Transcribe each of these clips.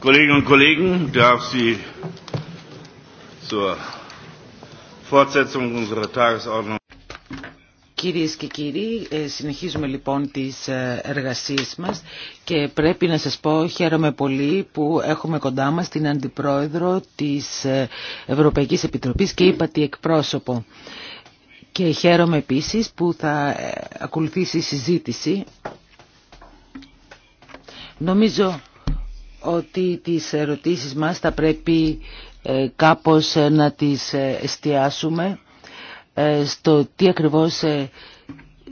Kolleginnen und darf Sie zur Fortsetzung unserer Tagesordnung. Κυρίες και κύριοι, ε, συνεχίζουμε λοιπόν τις ε, εργασίες μας και πρέπει να σας πω χαίρομαι πολύ που έχουμε κοντά μας την Αντιπρόεδρο της ε, Ευρωπαϊκής Επιτροπής και είπα τη εκπρόσωπο. Και χαίρομαι επίσης που θα ακολουθήσει η συζήτηση. Νομίζω ότι τις ερωτήσεις μας θα πρέπει ε, κάπως ε, να τις ε, εστιάσουμε στο τι ακριβώς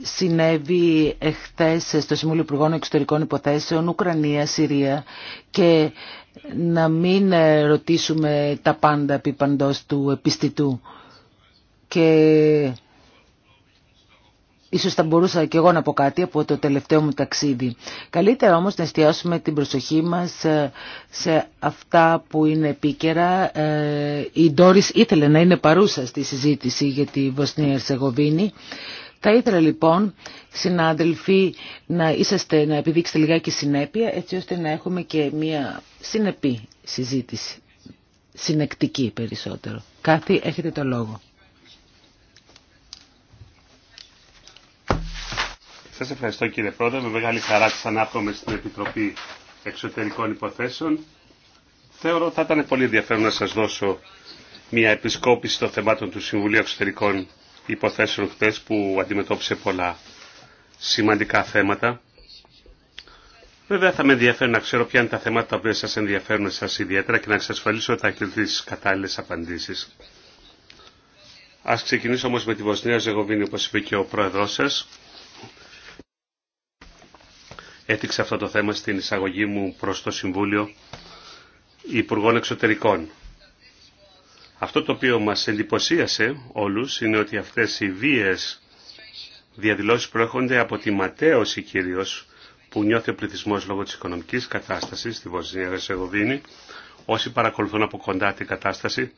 συνέβη εχθές στο Συμβούλιο Υπουργών Εξωτερικών Υποθέσεων Ουκρανία, Συρία και να μην ρωτήσουμε τα πάντα επί του επιστητού. Και Ίσως θα μπορούσα και εγώ να πω κάτι από το τελευταίο μου ταξίδι. Καλύτερα όμως να εστιάσουμε την προσοχή μας ε, σε αυτά που είναι επίκαιρα. Ε, η Ντόρις ήθελε να είναι παρούσα στη συζήτηση για τη Βοσνία Ερσεγοβίνη. Θα ήθελα λοιπόν, συνάδελφοι, να, είσαστε, να επιδείξετε λιγάκι συνέπεια, έτσι ώστε να έχουμε και μια συνεπή συζήτηση, συνεκτική περισσότερο. Κάθι, έχετε το λόγο. Σα ευχαριστώ κύριε Πρόεδρε. Με μεγάλη χαρά ξανάρχομαι στην Επιτροπή Εξωτερικών Υποθέσεων. Θεωρώ θα ήταν πολύ ενδιαφέρον να σα δώσω μια επισκόπηση των θεμάτων του Συμβουλίου Εξωτερικών Υποθέσεων χτε που αντιμετώπισε πολλά σημαντικά θέματα. Βέβαια θα με ενδιαφέρει να ξέρω ποια είναι τα θέματα τα οποία σας ενδιαφέρουν εσάς ιδιαίτερα και να εξασφαλίσω ότι θα έχετε τι κατάλληλε απαντήσεις. Ας ξεκινήσω όμω με τη Βοσνία Ζεγοβίνη όπω είπε και ο πρόεδρο σα. Έτυξε αυτό το θέμα στην εισαγωγή μου προς το Συμβούλιο Υπουργών Εξωτερικών. Αυτό το οποίο μας εντυπωσίασε όλους είναι ότι αυτές οι βίες διαδηλώσεις προέρχονται από τη ματέωση κυρίως που νιώθει ο πληθυσμό λόγω της οικονομικής κατάστασης στη Βοσνία Ρεσεγοβίνη. Όσοι παρακολουθούν από κοντά την κατάσταση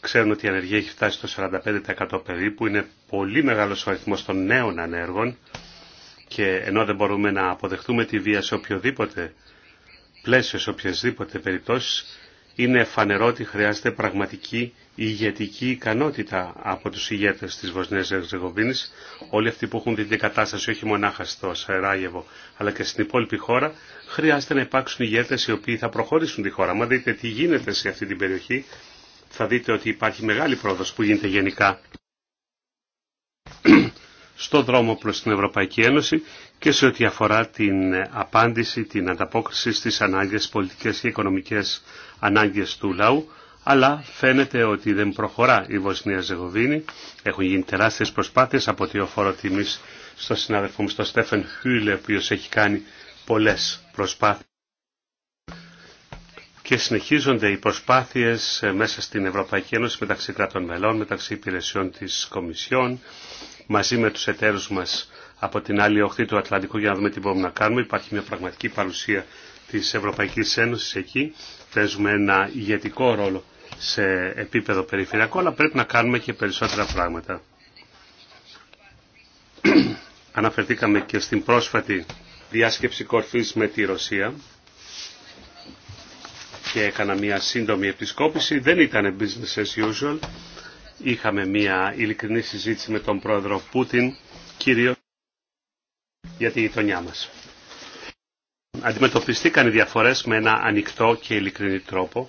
ξέρουν ότι η ανεργία έχει φτάσει στο 45% περίπου. Είναι πολύ μεγάλος ο αριθμός των νέων ανέργων και ενώ δεν μπορούμε να αποδεχτούμε τη βία σε οποιοδήποτε πλαίσιο, σε οποιασδήποτε περιπτώσει, είναι φανερό ότι χρειάζεται πραγματική ηγετική ικανότητα από τους ηγέτες της Βοσνίας Ζεγοβίνη. όλοι αυτοί που έχουν δει την κατάσταση όχι μονάχα στο Σαράγεβο αλλά και στην υπόλοιπη χώρα, χρειάζεται να υπάρξουν ηγέτες οι οποίοι θα προχωρήσουν τη χώρα. Μα δείτε τι γίνεται σε αυτή την περιοχή, θα δείτε ότι υπάρχει μεγάλη πρόοδος που γίνεται γενικά στο δρόμο προς την Ευρωπαϊκή Ένωση και σε ό,τι αφορά την απάντηση, την ανταπόκριση στις ανάγκες πολιτικές και οικονομικές ανάγκες του λαού, αλλά φαίνεται ότι δεν προχωρά η Βοσνία Ζεγοβίνη. Έχουν γίνει τεράστιες προσπάθειες από ό,τι οφόρο τιμής στο συνάδελφο μου, στον Στέφεν Χιούλε, ο οποίος έχει κάνει πολλές προσπάθειες. Και συνεχίζονται οι προσπάθειες ε, μέσα στην Ευρωπαϊκή Ένωση μεταξύ κρατών μελών, μεταξύ υπηρεσιών της Κομισιόν, μαζί με τους εταίρους μας από την άλλη οχθή του Ατλαντικού για να δούμε τι μπορούμε να κάνουμε. Υπάρχει μια πραγματική παρουσία της Ευρωπαϊκής Ένωση εκεί. Παίζουμε ένα ηγετικό ρόλο σε επίπεδο περιφερειακό, αλλά πρέπει να κάνουμε και περισσότερα πράγματα. Αναφερθήκαμε και στην πρόσφατη διάσκεψη κορφής με τη Ρωσία και έκανα μια σύντομη επισκόπηση. Δεν ήταν business as usual. Είχαμε μια ειλικρινή συζήτηση με τον πρόεδρο Πούτιν, κύριο για τη γειτονιά μας. Αντιμετωπιστήκαν οι διαφορές με ένα ανοιχτό και ειλικρινή τρόπο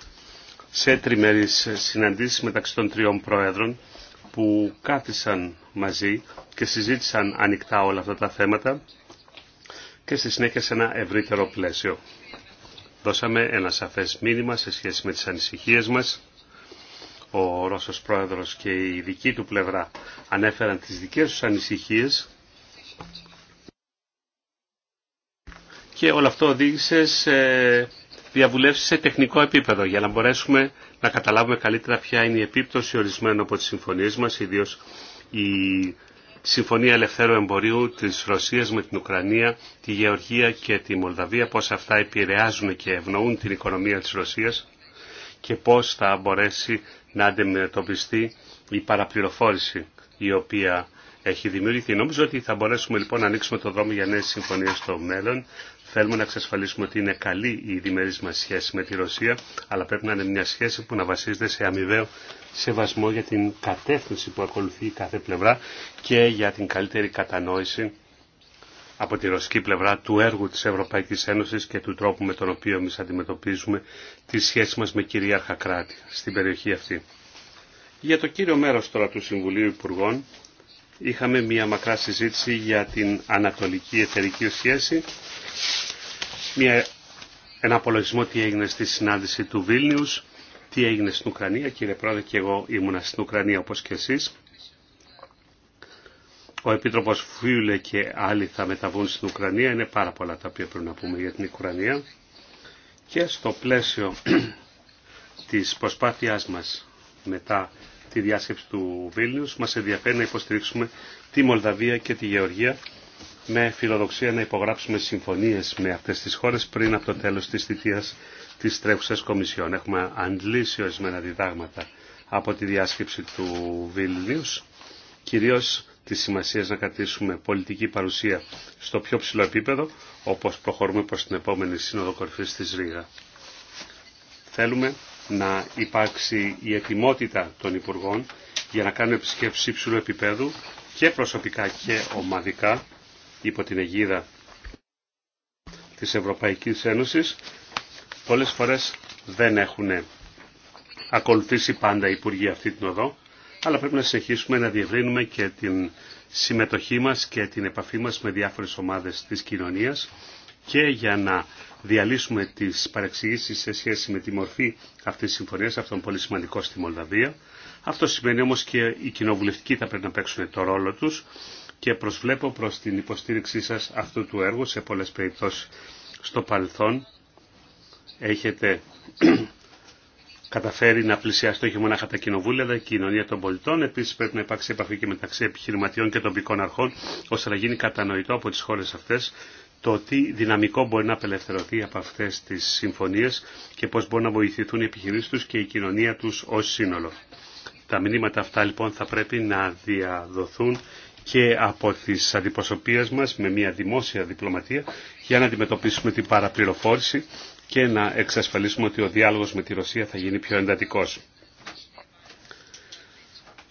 σε τριμερείς συναντήσεις μεταξύ των τριών πρόεδρων που κάθισαν μαζί και συζήτησαν ανοιχτά όλα αυτά τα θέματα και στη συνέχεια σε ένα ευρύτερο πλαίσιο. Δώσαμε ένα σαφές μήνυμα σε σχέση με τις ανησυχίες μας ο Ρώσος Πρόεδρος και η δική του πλευρά ανέφεραν τις δικές τους ανησυχίες και όλο αυτό οδήγησε σε διαβουλεύσεις σε τεχνικό επίπεδο για να μπορέσουμε να καταλάβουμε καλύτερα ποια είναι η επίπτωση ορισμένων από τις συμφωνίες μας, ιδίως η Συμφωνία Ελευθέρου Εμπορίου της Ρωσίας με την Ουκρανία, τη Γεωργία και τη Μολδαβία, πώς αυτά επηρεάζουν και ευνοούν την οικονομία της Ρωσίας και πώς θα μπορέσει να αντιμετωπιστεί η παραπληροφόρηση η οποία έχει δημιουργηθεί. Νομίζω ότι θα μπορέσουμε λοιπόν να ανοίξουμε το δρόμο για νέες συμφωνίε στο μέλλον. Θέλουμε να εξασφαλίσουμε ότι είναι καλή η διμερή μα σχέση με τη Ρωσία, αλλά πρέπει να είναι μια σχέση που να βασίζεται σε αμοιβαίο σεβασμό για την κατεύθυνση που ακολουθεί κάθε πλευρά και για την καλύτερη κατανόηση από τη ρωσική πλευρά του έργου της Ευρωπαϊκής Ένωσης και του τρόπου με τον οποίο εμείς αντιμετωπίζουμε τη σχέση μας με κυρίαρχα κράτη στην περιοχή αυτή. Για το κύριο μέρος τώρα του Συμβουλίου Υπουργών είχαμε μια μακρά συζήτηση για την ανατολική εταιρική σχέση, μια, ένα απολογισμό τι έγινε στη συνάντηση του Βίλνιους, τι έγινε στην Ουκρανία. Κύριε Πρόεδρε και εγώ ήμουνα στην Ουκρανία όπως και εσείς. Ο Επίτροπος Φιούλε και άλλοι θα μεταβούν στην Ουκρανία. Είναι πάρα πολλά τα οποία πρέπει να πούμε για την Ουκρανία. Και στο πλαίσιο της προσπάθεια μας μετά τη διάσκεψη του Βίλνιους μας ενδιαφέρει να υποστηρίξουμε τη Μολδαβία και τη Γεωργία με φιλοδοξία να υπογράψουμε συμφωνίες με αυτές τις χώρες πριν από το τέλος της θητείας της τρέχουσας Κομισιόν. Έχουμε αντλήσει ορισμένα διδάγματα από τη διάσκεψη του Βίλνιους, τη σημασία να κατήσουμε πολιτική παρουσία στο πιο ψηλό επίπεδο, όπως προχωρούμε προς την επόμενη Σύνοδο Κορυφής της Ρήγα. Θέλουμε να υπάρξει η ετοιμότητα των Υπουργών για να κάνουν επισκέψεις υψηλού επίπεδου και προσωπικά και ομαδικά υπό την αιγίδα της Ευρωπαϊκής Ένωσης. Πολλές φορές δεν έχουν ακολουθήσει πάντα οι Υπουργοί αυτή την οδό αλλά πρέπει να συνεχίσουμε να διευρύνουμε και την συμμετοχή μας και την επαφή μας με διάφορες ομάδες της κοινωνίας και για να διαλύσουμε τις παρεξηγήσεις σε σχέση με τη μορφή αυτής της συμφωνίας, αυτό είναι πολύ σημαντικό στη Μολδαβία. Αυτό σημαίνει όμως και οι κοινοβουλευτικοί θα πρέπει να παίξουν το ρόλο τους και προσβλέπω προς την υποστήριξή σας αυτού του έργου σε πολλές περιπτώσεις στο παρελθόν. Έχετε καταφέρει να πλησιάσει όχι μονάχα τα κοινοβούλια, αλλά και η κοινωνία των πολιτών. Επίση, πρέπει να υπάρξει επαφή και μεταξύ επιχειρηματιών και τοπικών αρχών, ώστε να γίνει κατανοητό από τι χώρε αυτέ το τι δυναμικό μπορεί να απελευθερωθεί από αυτέ τι συμφωνίε και πώ μπορούν να βοηθηθούν οι επιχειρήσει του και η κοινωνία του ω σύνολο. Τα μηνύματα αυτά λοιπόν θα πρέπει να διαδοθούν και από τις αντιπροσωπείες μας με μια δημόσια διπλωματία για να αντιμετωπίσουμε την παραπληροφόρηση και να εξασφαλίσουμε ότι ο διάλογος με τη Ρωσία θα γίνει πιο εντατικός.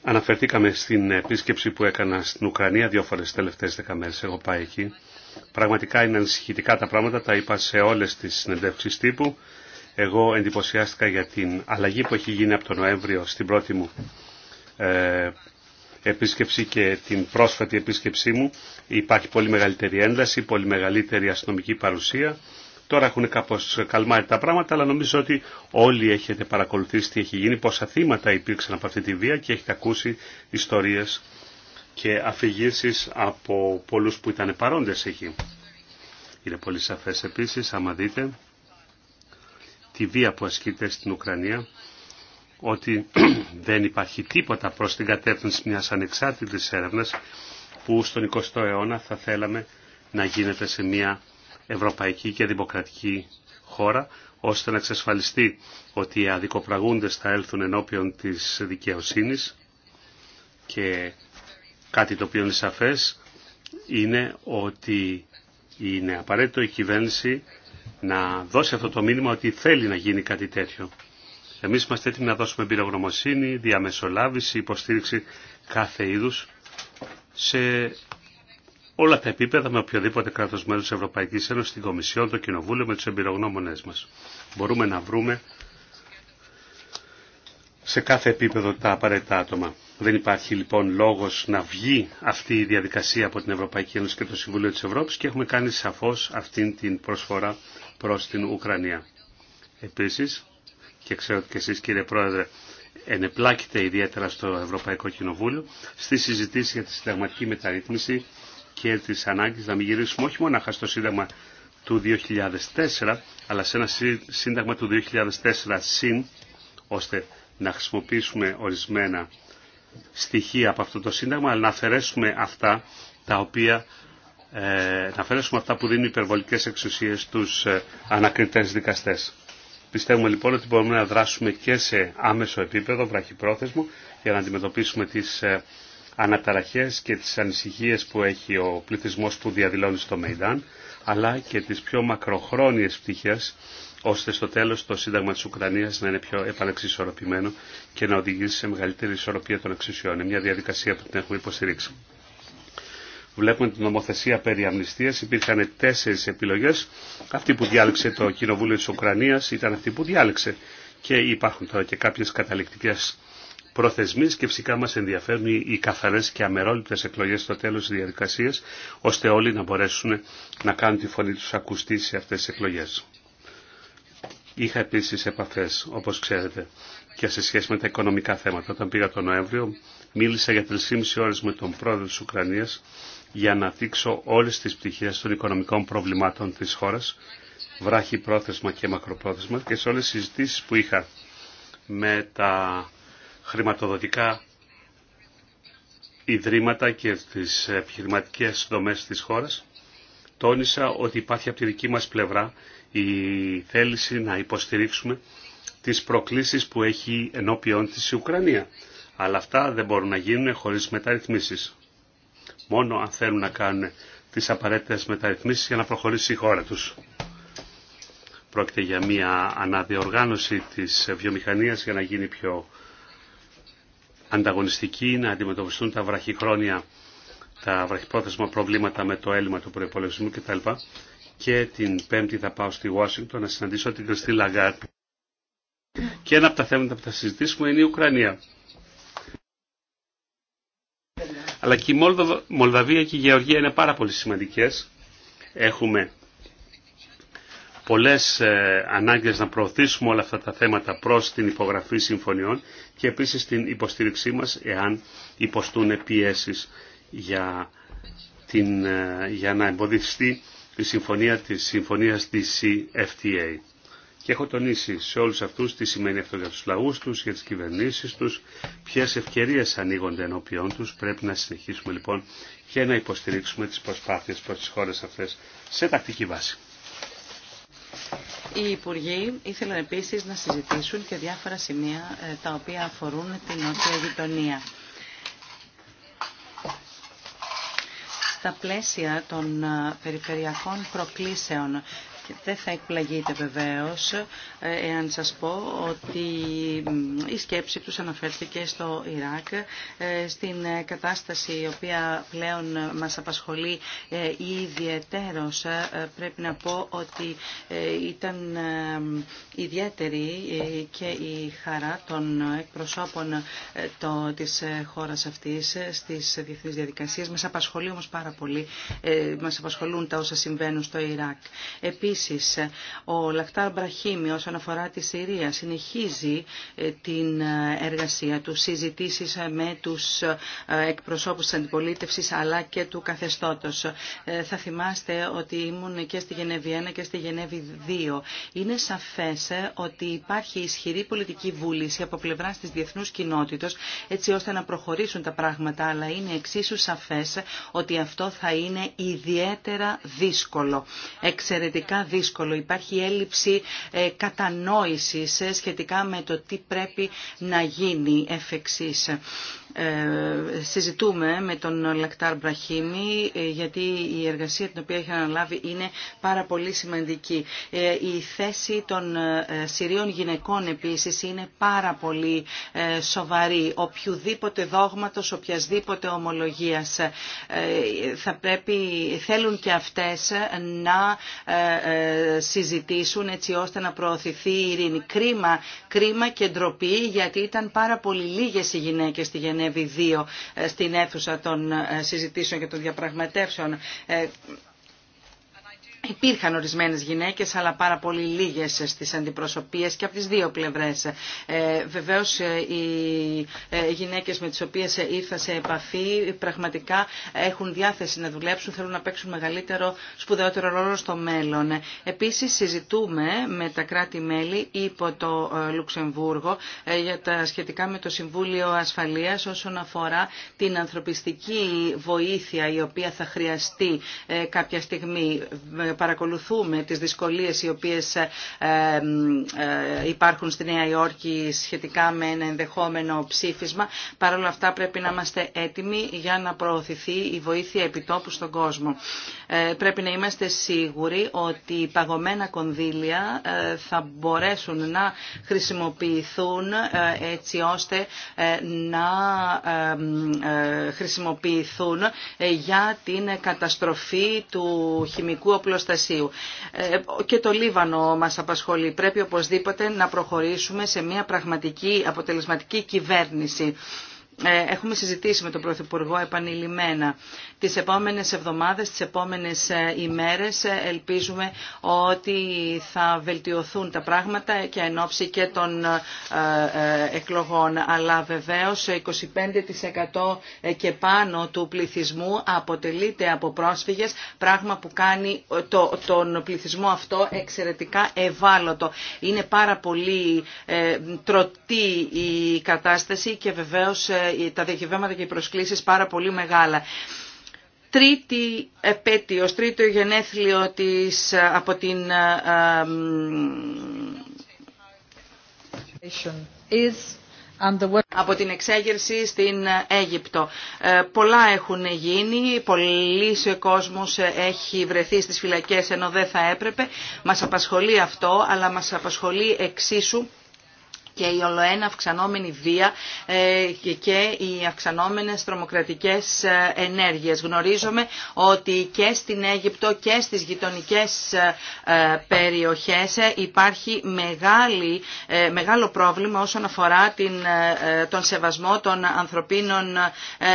Αναφερθήκαμε στην επίσκεψη που έκανα στην Ουκρανία δύο φορές τις τελευταίες δέκα μέρες. Έχω πάει εκεί. Πραγματικά είναι ανησυχητικά τα πράγματα, τα είπα σε όλες τις συνεντεύξεις τύπου. Εγώ εντυπωσιάστηκα για την αλλαγή που έχει γίνει από τον Νοέμβριο στην πρώτη μου ε, επίσκεψη και την πρόσφατη επίσκεψή μου. Υπάρχει πολύ μεγαλύτερη ένταση, πολύ μεγαλύτερη αστυνομική παρουσία Τώρα έχουν κάπως καλμάρει τα πράγματα, αλλά νομίζω ότι όλοι έχετε παρακολουθήσει τι έχει γίνει, πόσα θύματα υπήρξαν από αυτή τη βία και έχετε ακούσει ιστορίες και αφηγήσει από πολλούς που ήταν παρόντες εκεί. Είναι πολύ σαφές επίσης, άμα δείτε, τη βία που ασκείται στην Ουκρανία, ότι δεν υπάρχει τίποτα προς την κατεύθυνση μιας ανεξάρτητης έρευνας που στον 20ο αιώνα θα θέλαμε να γίνεται σε μια ευρωπαϊκή και δημοκρατική χώρα, ώστε να εξασφαλιστεί ότι οι αδικοπραγούντες θα έλθουν ενώπιον της δικαιοσύνης και κάτι το οποίο είναι σαφές είναι ότι είναι απαραίτητο η κυβέρνηση να δώσει αυτό το μήνυμα ότι θέλει να γίνει κάτι τέτοιο. Εμείς είμαστε έτοιμοι να δώσουμε εμπειρογνωμοσύνη, διαμεσολάβηση, υποστήριξη κάθε είδους σε όλα τα επίπεδα με οποιοδήποτε κράτος μέλος της Ευρωπαϊκής Ένωσης, την Κομισιόν, το Κοινοβούλιο, με τους εμπειρογνώμονές μας. Μπορούμε να βρούμε σε κάθε επίπεδο τα απαραίτητα άτομα. Δεν υπάρχει λοιπόν λόγος να βγει αυτή η διαδικασία από την Ευρωπαϊκή Ένωση και το Συμβούλιο της Ευρώπης και έχουμε κάνει σαφώς αυτή την προσφορά προς την Ουκρανία. Επίσης, και ξέρω ότι και εσείς κύριε Πρόεδρε ενεπλάκητε ιδιαίτερα στο Ευρωπαϊκό Κοινοβούλιο, στη συζητήση για τη συνταγματική μεταρρύθμιση και της ανάγκης να μην γυρίσουμε όχι μόνο στο Σύνταγμα του 2004, αλλά σε ένα Σύνταγμα του 2004 συν, ώστε να χρησιμοποιήσουμε ορισμένα στοιχεία από αυτό το Σύνταγμα, αλλά να αφαιρέσουμε αυτά τα οποία ε, να αφαιρέσουμε αυτά που δίνουν υπερβολικές εξουσίες στους ε, ανακριτές δικαστές. Πιστεύουμε λοιπόν ότι μπορούμε να δράσουμε και σε άμεσο επίπεδο, βραχυπρόθεσμο, για να αντιμετωπίσουμε τις ε, αναταραχές και τις ανησυχίες που έχει ο πληθυσμός που διαδηλώνει στο ΜΕΙΔΑΝ, αλλά και τις πιο μακροχρόνιες πτυχές, ώστε στο τέλος το Σύνταγμα της Ουκρανίας να είναι πιο επαναξισορροπημένο και να οδηγήσει σε μεγαλύτερη ισορροπία των εξουσιών. Είναι μια διαδικασία που την έχουμε υποστηρίξει. Βλέπουμε την νομοθεσία περί αμνηστίας. Υπήρχαν τέσσερις επιλογές. Αυτή που διάλεξε το Κοινοβούλιο της Ουκρανίας ήταν αυτή που διάλεξε. Και υπάρχουν τώρα και κάποιες καταληκτικές προθεσμίες και φυσικά μας ενδιαφέρουν οι καθαρές και αμερόληπτες εκλογές στο τέλος της διαδικασίας, ώστε όλοι να μπορέσουν να κάνουν τη φωνή τους ακουστή σε αυτές τις εκλογές. Είχα επίσης επαφές, όπως ξέρετε, και σε σχέση με τα οικονομικά θέματα. Όταν πήγα τον Νοέμβριο, μίλησα για 3,5 ώρες με τον πρόεδρο της Ουκρανίας για να δείξω όλες τις πτυχές των οικονομικών προβλημάτων της χώρας, βράχη πρόθεσμα και μακροπρόθεσμα και σε όλες τις συζητήσεις που είχα με τα χρηματοδοτικά ιδρύματα και τις επιχειρηματικές δομές της χώρας. Τόνισα ότι υπάρχει από τη δική μας πλευρά η θέληση να υποστηρίξουμε τις προκλήσεις που έχει ενώπιον της η Ουκρανία. Αλλά αυτά δεν μπορούν να γίνουν χωρίς μεταρρυθμίσεις. Μόνο αν θέλουν να κάνουν τις απαραίτητες μεταρρυθμίσεις για να προχωρήσει η χώρα τους. Πρόκειται για μια αναδιοργάνωση της βιομηχανίας για να γίνει πιο ανταγωνιστική να αντιμετωπιστούν τα βραχυχρόνια, τα βραχυπρόθεσμα προβλήματα με το έλλειμμα του προπολογισμού κτλ. Και την Πέμπτη θα πάω στη Ουάσιγκτον να συναντήσω την Κριστή Λαγκάρτ. Και ένα από τα θέματα που θα συζητήσουμε είναι η Ουκρανία. Αλλά και η Μολδαβία και η Γεωργία είναι πάρα πολύ σημαντικέ Έχουμε πολλές ε, ανάγκες να προωθήσουμε όλα αυτά τα θέματα προς την υπογραφή συμφωνιών και επίσης την υποστήριξή μας εάν υποστούν πιέσεις για, την, ε, για να εμποδιστεί η συμφωνία της συμφωνίας DCFTA. Και έχω τονίσει σε όλους αυτούς τι σημαίνει αυτό για τους λαούς τους, για τις κυβερνήσεις τους, ποιες ευκαιρίες ανοίγονται ενώπιόν τους. Πρέπει να συνεχίσουμε λοιπόν και να υποστηρίξουμε τις προσπάθειες προς τις χώρες αυτές σε τακτική βάση. Οι Υπουργοί ήθελαν επίσης να συζητήσουν και διάφορα σημεία ε, τα οποία αφορούν την νότια γειτονία. Στα πλαίσια των ε, περιφερειακών προκλήσεων δεν θα εκπλαγείτε βεβαίως ε, εάν σας πω ότι η σκέψη τους αναφέρθηκε στο Ιράκ, ε, στην ε, κατάσταση η οποία πλέον μας απασχολεί ιδιαιτέρως. Πρέπει να πω ότι ήταν ιδιαίτερη και η χαρά των εκπροσώπων της χώρας αυτής στις διεθνείς διαδικασίες. Μας απασχολεί όμως πάρα πολύ, μας απασχολούν τα όσα συμβαίνουν στο Ιράκ επίσης ο Λαχτάρ Μπραχήμι όσον αφορά τη Συρία συνεχίζει ε, την ε, εργασία του, συζητήσεις ε, με τους εκπροσώπους της αντιπολίτευσης αλλά και του καθεστώτος. Θα θυμάστε ότι ήμουν και στη Γενέβη 1 και στη Γενέβη 2. Είναι σαφές ότι υπάρχει ισχυρή πολιτική βούληση από πλευρά της διεθνούς κοινότητας, έτσι ώστε να προχωρήσουν τα πράγματα αλλά είναι εξίσου σαφές ότι αυτό θα είναι ιδιαίτερα δύσκολο. Εξαιρετικά δύσκολο. Υπάρχει έλλειψη ε, κατανόησης ε, σχετικά με το τι πρέπει να γίνει εφ' εξής. Ε, συζητούμε με τον Λακτάρ Μπραχίμη ε, γιατί η εργασία την οποία έχει αναλάβει είναι πάρα πολύ σημαντική. Ε, η θέση των Συρίων γυναικών επίσης είναι πάρα πολύ σοβαρή. Οποιουδήποτε δόγματος, οποιασδήποτε ομολογίας θα πρέπει, θέλουν και αυτές να συζητήσουν έτσι ώστε να προωθηθεί η ειρήνη. Κρίμα, και ντροπή γιατί ήταν πάρα πολύ λίγες οι γυναίκες στη επί στην αίθουσα των ε, συζητήσεων και των διαπραγματεύσεων. Ε, Υπήρχαν ορισμένες γυναίκες, αλλά πάρα πολύ λίγες στις αντιπροσωπείες και από τις δύο πλευρές. Ε, βεβαίως, ε, οι ε, γυναίκες με τις οποίες ήρθα σε επαφή πραγματικά έχουν διάθεση να δουλέψουν, θέλουν να παίξουν μεγαλύτερο, σπουδαιότερο ρόλο στο μέλλον. Επίσης, συζητούμε με τα κράτη-μέλη υπό το ε, Λουξεμβούργο για τα σχετικά με το Συμβούλιο Ασφαλείας όσον αφορά την ανθρωπιστική βοήθεια η οποία θα χρειαστεί κάποια στιγμή παρακολουθούμε τις δυσκολίες οι οποίες ε, ε, ε, υπάρχουν στη Νέα Υόρκη σχετικά με ένα ενδεχόμενο ψήφισμα. Παρ' όλα αυτά πρέπει να είμαστε έτοιμοι για να προωθηθεί η βοήθεια επιτόπου στον κόσμο. Πρέπει να είμαστε σίγουροι ότι οι παγωμένα κονδύλια θα μπορέσουν να χρησιμοποιηθούν έτσι ώστε να χρησιμοποιηθούν για την καταστροφή του χημικού ε, και το Λίβανο μας απασχολεί. Πρέπει οπωσδήποτε να προχωρήσουμε σε μια πραγματική αποτελεσματική κυβέρνηση. Ε, έχουμε συζητήσει με τον Πρωθυπουργό επανειλημμένα. Τις επόμενες εβδομάδες, τις επόμενες ε, ημέρες ε, ελπίζουμε ότι θα βελτιωθούν τα πράγματα και εν ώψη και των εκλογών. Αλλά βεβαίως 25% και πάνω του πληθυσμού αποτελείται από πρόσφυγες, πράγμα που κάνει τον πληθυσμό αυτό εξαιρετικά ευάλωτο. Είναι πάρα πολύ ε, τρωτή η κατάσταση και βεβαίως ε, τα διακυβεύματα και οι προσκλήσεις πάρα πολύ μεγάλα τρίτη επέτειος, τρίτο γενέθλιο της ε, από την ε, από την εξέγερση στην Αίγυπτο. Πολλά έχουν γίνει, πολλοί σε κόσμος έχει βρεθεί στις φυλακές ενώ δεν θα έπρεπε. Μας απασχολεί αυτό, αλλά μας απασχολεί εξίσου και η ολοένα αυξανόμενη βία ε, και οι αυξανόμενες τρομοκρατικές ε, ενέργειες. Γνωρίζουμε ότι και στην Αίγυπτο και στις γειτονικές ε, περιοχές υπάρχει μεγάλο πρόβλημα όσον αφορά την, τον σεβασμό των ανθρωπίνων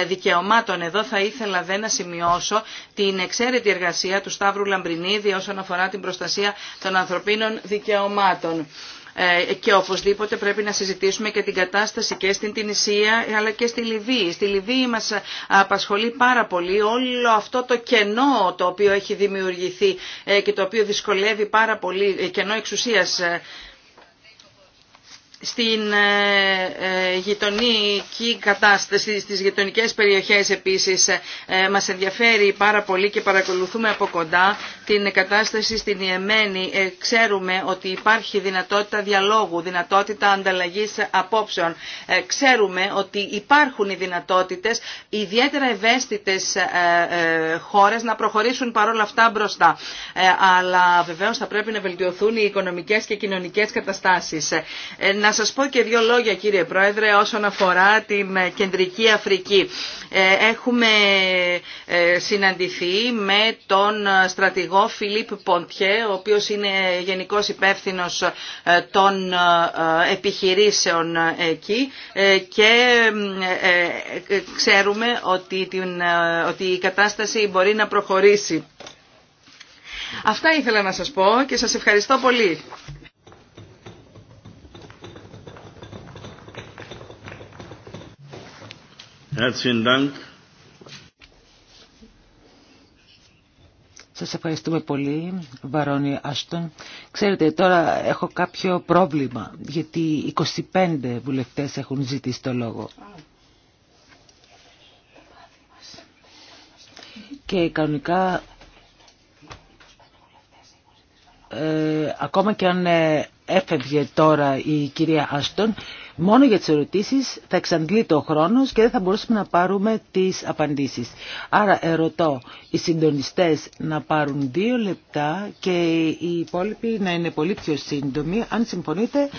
δικαιωμάτων. Εδώ θα ήθελα δεν να σημειώσω την εξαίρετη εργασία του Σταύρου Λαμπρινίδη όσον αφορά την προστασία των ανθρωπίνων δικαιωμάτων. Ε, και οπωσδήποτε πρέπει να συζητήσουμε και την κατάσταση και στην Τινησία αλλά και στη Λιβύη. Στη Λιβύη μας απασχολεί πάρα πολύ όλο αυτό το κενό το οποίο έχει δημιουργηθεί ε, και το οποίο δυσκολεύει πάρα πολύ, ε, κενό εξουσίας στην ε, ε, γειτονική κατάσταση, στις γειτονικές περιοχές επίσης ε, μας ενδιαφέρει πάρα πολύ και παρακολουθούμε από κοντά την κατάσταση στην Ιεμένη. Ξέρουμε ότι υπάρχει δυνατότητα διαλόγου, δυνατότητα ανταλλαγής απόψεων. Ξέρουμε ότι υπάρχουν οι δυνατότητες, ιδιαίτερα ευαίσθητες χώρες να προχωρήσουν παρόλα αυτά μπροστά. Αλλά βεβαίως θα πρέπει να βελτιωθούν οι οικονομικές και κοινωνικές καταστάσεις. Να σας πω και δύο λόγια κύριε Πρόεδρε όσον αφορά την ε, Κεντρική Αφρική. Ε, έχουμε ε, συναντηθεί με τον στρατηγό Φιλίπ Ποντιέ, ο οποίος είναι γενικός υπεύθυνος των επιχειρήσεων εκεί και ξέρουμε ότι, την, ότι η κατάσταση μπορεί να προχωρήσει. Αυτά ήθελα να σας πω και σας ευχαριστώ πολύ. Σας ευχαριστούμε πολύ, Βαρόνι Άστον. Ξέρετε, τώρα έχω κάποιο πρόβλημα, γιατί 25 βουλευτές έχουν ζητήσει το λόγο. Και κανονικά, ε, ακόμα και αν ε, έφευγε τώρα η κυρία Άστον, μόνο για τις ερωτήσεις θα εξαντλείται ο χρόνος και δεν θα μπορούσαμε να πάρουμε τις απαντήσεις. Άρα ερωτώ οι συντονιστές να πάρουν δύο λεπτά και οι υπόλοιποι να είναι πολύ πιο σύντομοι. Αν συμφωνείτε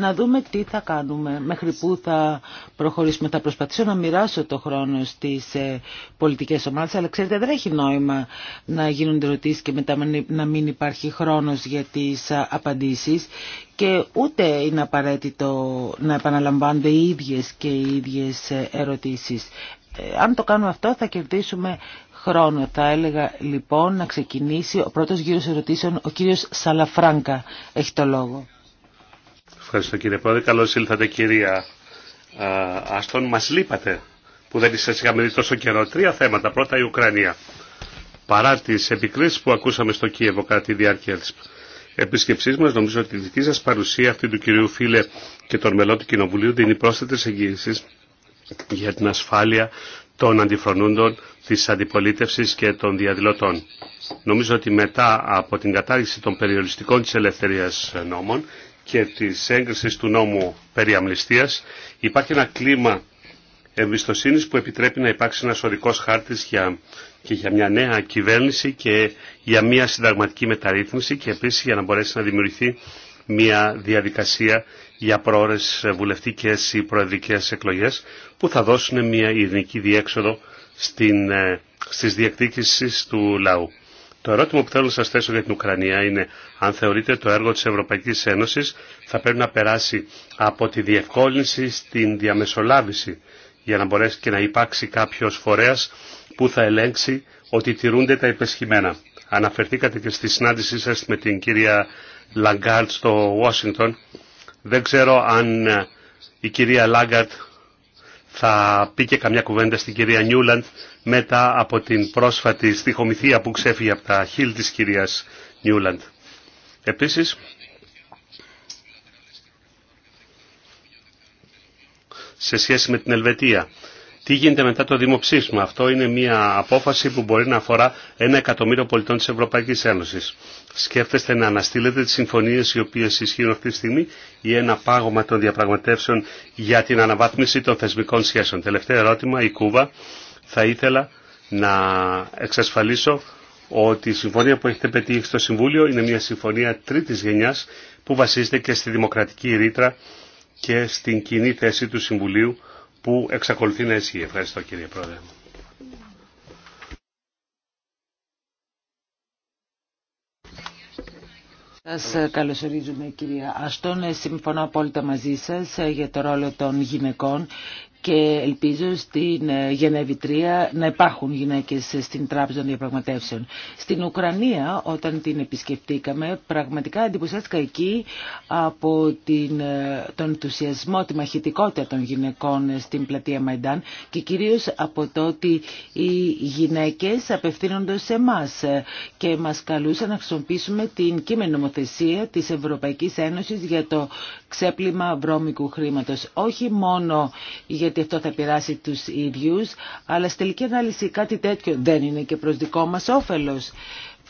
να δούμε τι θα κάνουμε, μέχρι πού θα προχωρήσουμε. Θα προσπαθήσω να μοιράσω το χρόνο στις ε, πολιτικές ομάδες, αλλά ξέρετε δεν έχει νόημα να γίνονται ερωτήσει και μετά να μην υπάρχει χρόνος για τις ε, απαντήσεις και ούτε είναι απαραίτητο να επαναλαμβάνονται οι ίδιες και οι ίδιες ε, ερωτήσεις. Αν το κάνουμε αυτό θα κερδίσουμε χρόνο. Θα έλεγα λοιπόν να ξεκινήσει ο πρώτος γύρος ερωτήσεων, ο κύριος Σαλαφράνκα έχει το λόγο. Ευχαριστώ κύριε Πρόεδρε. Καλώ ήλθατε κυρία Αστόν. μα λείπατε που δεν σα είχαμε δει τόσο καιρό. Τρία θέματα. Πρώτα η Ουκρανία. Παρά τι επικρίσει που ακούσαμε στο Κίεβο κατά τη διάρκεια τη επίσκεψή μα, νομίζω ότι η δική σα παρουσία αυτή του κυρίου Φίλε και των μελών του Κοινοβουλίου δίνει πρόσθετε εγγύησεις για την ασφάλεια των αντιφρονούντων, τη αντιπολίτευση και των διαδηλωτών. Νομίζω ότι μετά από την κατάργηση των περιοριστικών της ελευθερίας νόμων, και της έγκρισης του νόμου περί αμνηστίας, υπάρχει ένα κλίμα εμπιστοσύνης που επιτρέπει να υπάρξει ένας ορικός χάρτης για, και για μια νέα κυβέρνηση και για μια συνταγματική μεταρρύθμιση και επίσης για να μπορέσει να δημιουργηθεί μια διαδικασία για πρόορες βουλευτικές ή προεδρικές εκλογές που θα δώσουν μια ειρηνική διέξοδο στην, ε, στις διεκδίκησεις του λαού. Το ερώτημα που θέλω να σας θέσω για την Ουκρανία είναι αν θεωρείτε το έργο της Ευρωπαϊκής Ένωσης θα πρέπει να περάσει από τη διευκόλυνση στην διαμεσολάβηση για να μπορέσει και να υπάρξει κάποιος φορέας που θα ελέγξει ότι τηρούνται τα υπεσχημένα. Αναφερθήκατε και στη συνάντησή σας με την κυρία Λαγκάρτ στο Ουάσιγκτον. Δεν ξέρω αν ε, η κυρία Λάγκαρτ θα πει και καμιά κουβέντα στην κυρία Νιούλαντ μετά από την πρόσφατη στιχομηθεία που ξέφυγε από τα χείλη της κυρίας Νιούλαντ. Επίσης, σε σχέση με την Ελβετία. Τι γίνεται μετά το δημοψήφισμα. Αυτό είναι μια απόφαση που μπορεί να αφορά ένα εκατομμύριο πολιτών της Ευρωπαϊκής Ένωσης σκέφτεστε να αναστείλετε τις συμφωνίες οι οποίες ισχύουν αυτή τη στιγμή ή ένα πάγωμα των διαπραγματεύσεων για την αναβάθμιση των θεσμικών σχέσεων. Τελευταίο ερώτημα, η Κούβα. Θα ήθελα να εξασφαλίσω ότι η συμφωνία που έχετε πετύχει στο Συμβούλιο είναι μια συμφωνία τρίτης γενιάς που βασίζεται και στη δημοκρατική ρήτρα και στην κοινή θέση του Συμβουλίου που εξακολουθεί να ισχύει. Ευχαριστώ κύριε Πρόεδρε. Σας καλωσορίζουμε κυρία Αστόν. Ε, συμφωνώ απόλυτα μαζί σας ε, για το ρόλο των γυναικών και ελπίζω στην ε, Γενέβη 3 να υπάρχουν γυναίκες στην Τράπεζα των Διαπραγματεύσεων. Στην Ουκρανία όταν την επισκεφτήκαμε πραγματικά εντυπωσιάστηκα εκεί από ε, τον ενθουσιασμό, τη μαχητικότητα των γυναικών στην πλατεία Μαϊντάν και κυρίως από το ότι οι γυναίκες απευθύνονται σε εμά και μας καλούσαν να χρησιμοποιήσουμε την κείμενη νομοθεσία της Ευρωπαϊκής Ένωσης για το ξέπλυμα βρώμικου χρήματος. Όχι μόνο γιατί αυτό θα πειράσει τους ίδιους, αλλά στη τελική ανάλυση κάτι τέτοιο δεν είναι και προς δικό μας όφελος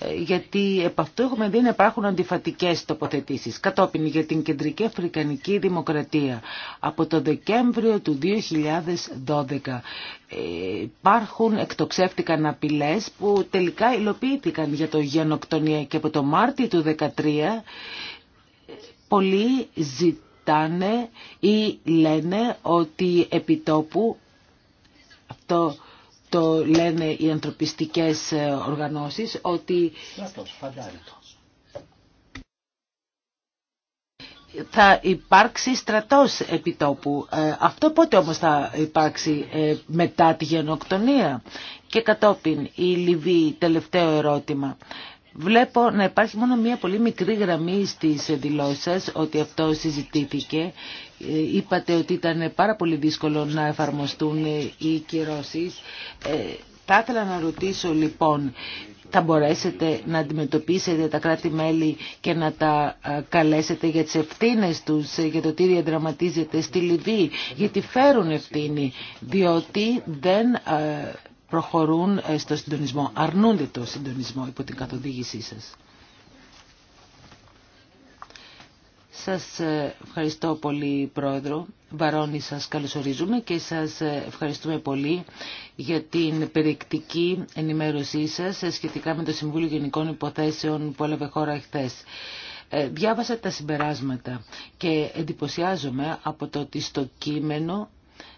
ε, γιατί επ' αυτού έχουμε δει να υπάρχουν αντιφατικές τοποθετήσεις κατόπιν για την Κεντρική Αφρικανική Δημοκρατία από το Δεκέμβριο του 2012 ε, υπάρχουν εκτοξεύτηκαν απειλές που τελικά υλοποιήθηκαν για το γενοκτονία και από το Μάρτιο του 2013 ε, πολλοί ζητούν ζητάνε ή λένε ότι επιτόπου αυτό το λένε οι ανθρωπιστικές ε, οργανώσεις ότι θα υπάρξει στρατός επιτόπου. Ε, αυτό πότε όμως θα υπάρξει ε, μετά τη γενοκτονία. Και κατόπιν η Λιβύη, τελευταίο ερώτημα. Βλέπω να υπάρχει μόνο μία πολύ μικρή γραμμή στις δηλώσεις σας ότι αυτό συζητήθηκε. Ε, είπατε ότι ήταν πάρα πολύ δύσκολο να εφαρμοστούν οι κυρώσεις. Ε, θα ήθελα να ρωτήσω λοιπόν, θα μπορέσετε να αντιμετωπίσετε τα κράτη-μέλη και να τα ε, καλέσετε για τις ευθύνες τους, για το τι διαδραματίζεται στη Λιβύη, γιατί φέρουν ευθύνη, διότι δεν προχωρούν ε, στο συντονισμό, αρνούνται το συντονισμό υπό την καθοδήγησή σας. Σας ε, ευχαριστώ πολύ Πρόεδρο. Βαρόνι σας καλωσορίζουμε και σας ε, ευχαριστούμε πολύ για την περιεκτική ενημέρωσή σας σχετικά με το Συμβούλιο Γενικών Υποθέσεων που έλαβε χώρα χθες. Διάβασα τα συμπεράσματα και εντυπωσιάζομαι από το ότι στο κείμενο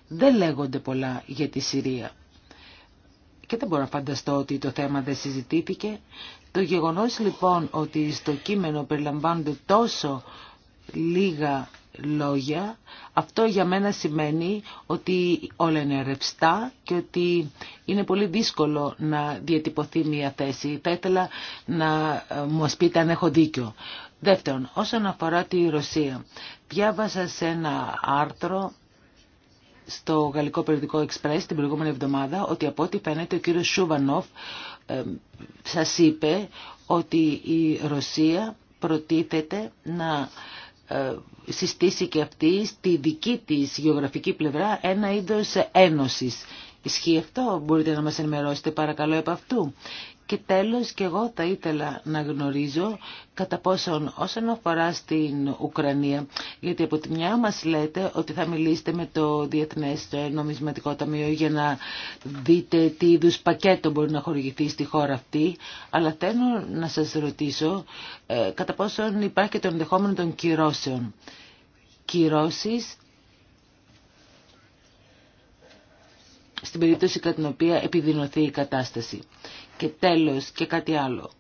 δεν λέγονται πολλά για τη Συρία και δεν μπορώ να φανταστώ ότι το θέμα δεν συζητήθηκε. Το γεγονός λοιπόν ότι στο κείμενο περιλαμβάνονται τόσο λίγα λόγια, αυτό για μένα σημαίνει ότι όλα είναι ρευστά και ότι είναι πολύ δύσκολο να διατυπωθεί μια θέση. Θα ήθελα να ε, μου πείτε αν έχω δίκιο. Δεύτερον, όσον αφορά τη Ρωσία, διάβασα σε ένα άρθρο στο γαλλικό περιοδικό Express την προηγούμενη εβδομάδα ότι από ό,τι φαίνεται ο κύριος Σούβανοφ ε, σας είπε ότι η Ρωσία προτίθεται να ε, συστήσει και αυτή στη δική της γεωγραφική πλευρά ένα είδος ένωσης. Ισχύει αυτό, μπορείτε να μας ενημερώσετε παρακαλώ επ' αυτού. Και τέλος και εγώ θα ήθελα να γνωρίζω κατά πόσον όσον αφορά στην Ουκρανία, γιατί από τη μια μας λέτε ότι θα μιλήσετε με το Διεθνές Νομισματικό Ταμείο για να δείτε τι είδου πακέτο μπορεί να χορηγηθεί στη χώρα αυτή, αλλά θέλω να σας ρωτήσω ε, κατά πόσον υπάρχει και το ενδεχόμενο των κυρώσεων. Κυρώσεις στην περίπτωση κατά την οποία επιδεινωθεί η κατάσταση. Και τέλος και κάτι άλλο.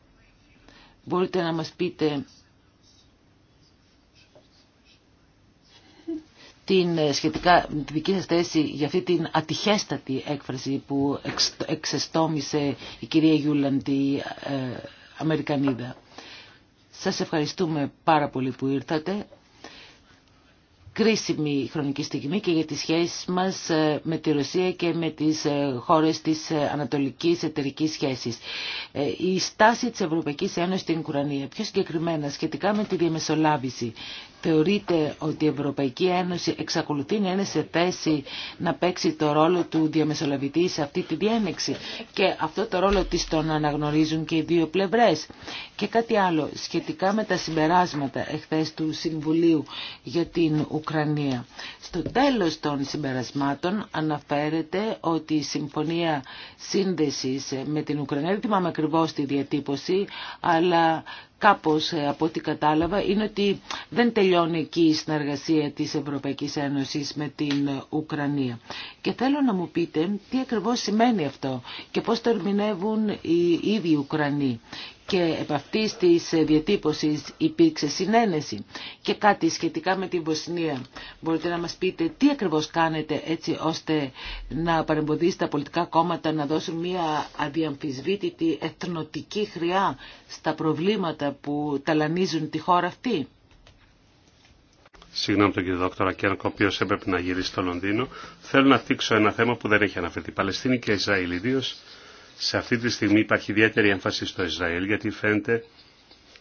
Μπορείτε να μας πείτε την ε, σχετικά τη δική σας θέση για αυτή την ατυχέστατη έκφραση που εξεστόμησε η κυρία Γιούλαν τη ε, Αμερικανίδα. Σας ευχαριστούμε πάρα πολύ που ήρθατε κρίσιμη χρονική στιγμή και για τις σχέσεις μας ε, με τη Ρωσία και με τις ε, χώρες της ε, ανατολικής εταιρικής σχέσης. Η στάση της Ευρωπαϊκής Ένωσης στην Ουκρανία, πιο συγκεκριμένα σχετικά με τη διαμεσολάβηση Θεωρείτε ότι η Ευρωπαϊκή Ένωση εξακολουθεί να είναι σε θέση να παίξει το ρόλο του διαμεσολαβητή σε αυτή τη διένεξη και αυτό το ρόλο της τον αναγνωρίζουν και οι δύο πλευρές. Και κάτι άλλο σχετικά με τα συμπεράσματα εχθές του Συμβουλίου για την Ουκρανία. Στο τέλος των συμπερασμάτων αναφέρεται ότι η Συμφωνία Σύνδεσης με την Ουκρανία, δεν θυμάμαι ακριβώ τη διατύπωση, αλλά κάπως ε, από ό,τι κατάλαβα είναι ότι δεν τελειώνει εκεί η συνεργασία της Ευρωπαϊκής Ένωσης με την ε, Ουκρανία. Και θέλω να μου πείτε τι ακριβώς σημαίνει αυτό και πώς το ερμηνεύουν οι ίδιοι Ουκρανοί και επ' αυτής της ε, διατύπωσης υπήρξε συνένεση και κάτι σχετικά με την Βοσνία. Μπορείτε να μας πείτε τι ακριβώς κάνετε έτσι ώστε να παρεμποδίσει τα πολιτικά κόμματα να δώσουν μια αδιαμφισβήτητη εθνοτική χρειά στα προβλήματα που ταλανίζουν τη χώρα αυτή. Συγγνώμη τον κύριο Δόκτωρα Κέρκο, ο οποίο έπρεπε να γυρίσει στο Λονδίνο. Θέλω να θίξω ένα θέμα που δεν έχει αναφερθεί. Παλαιστίνη και Ισραήλ, ιδίω σε αυτή τη στιγμή υπάρχει ιδιαίτερη έμφαση στο Ισραήλ γιατί φαίνεται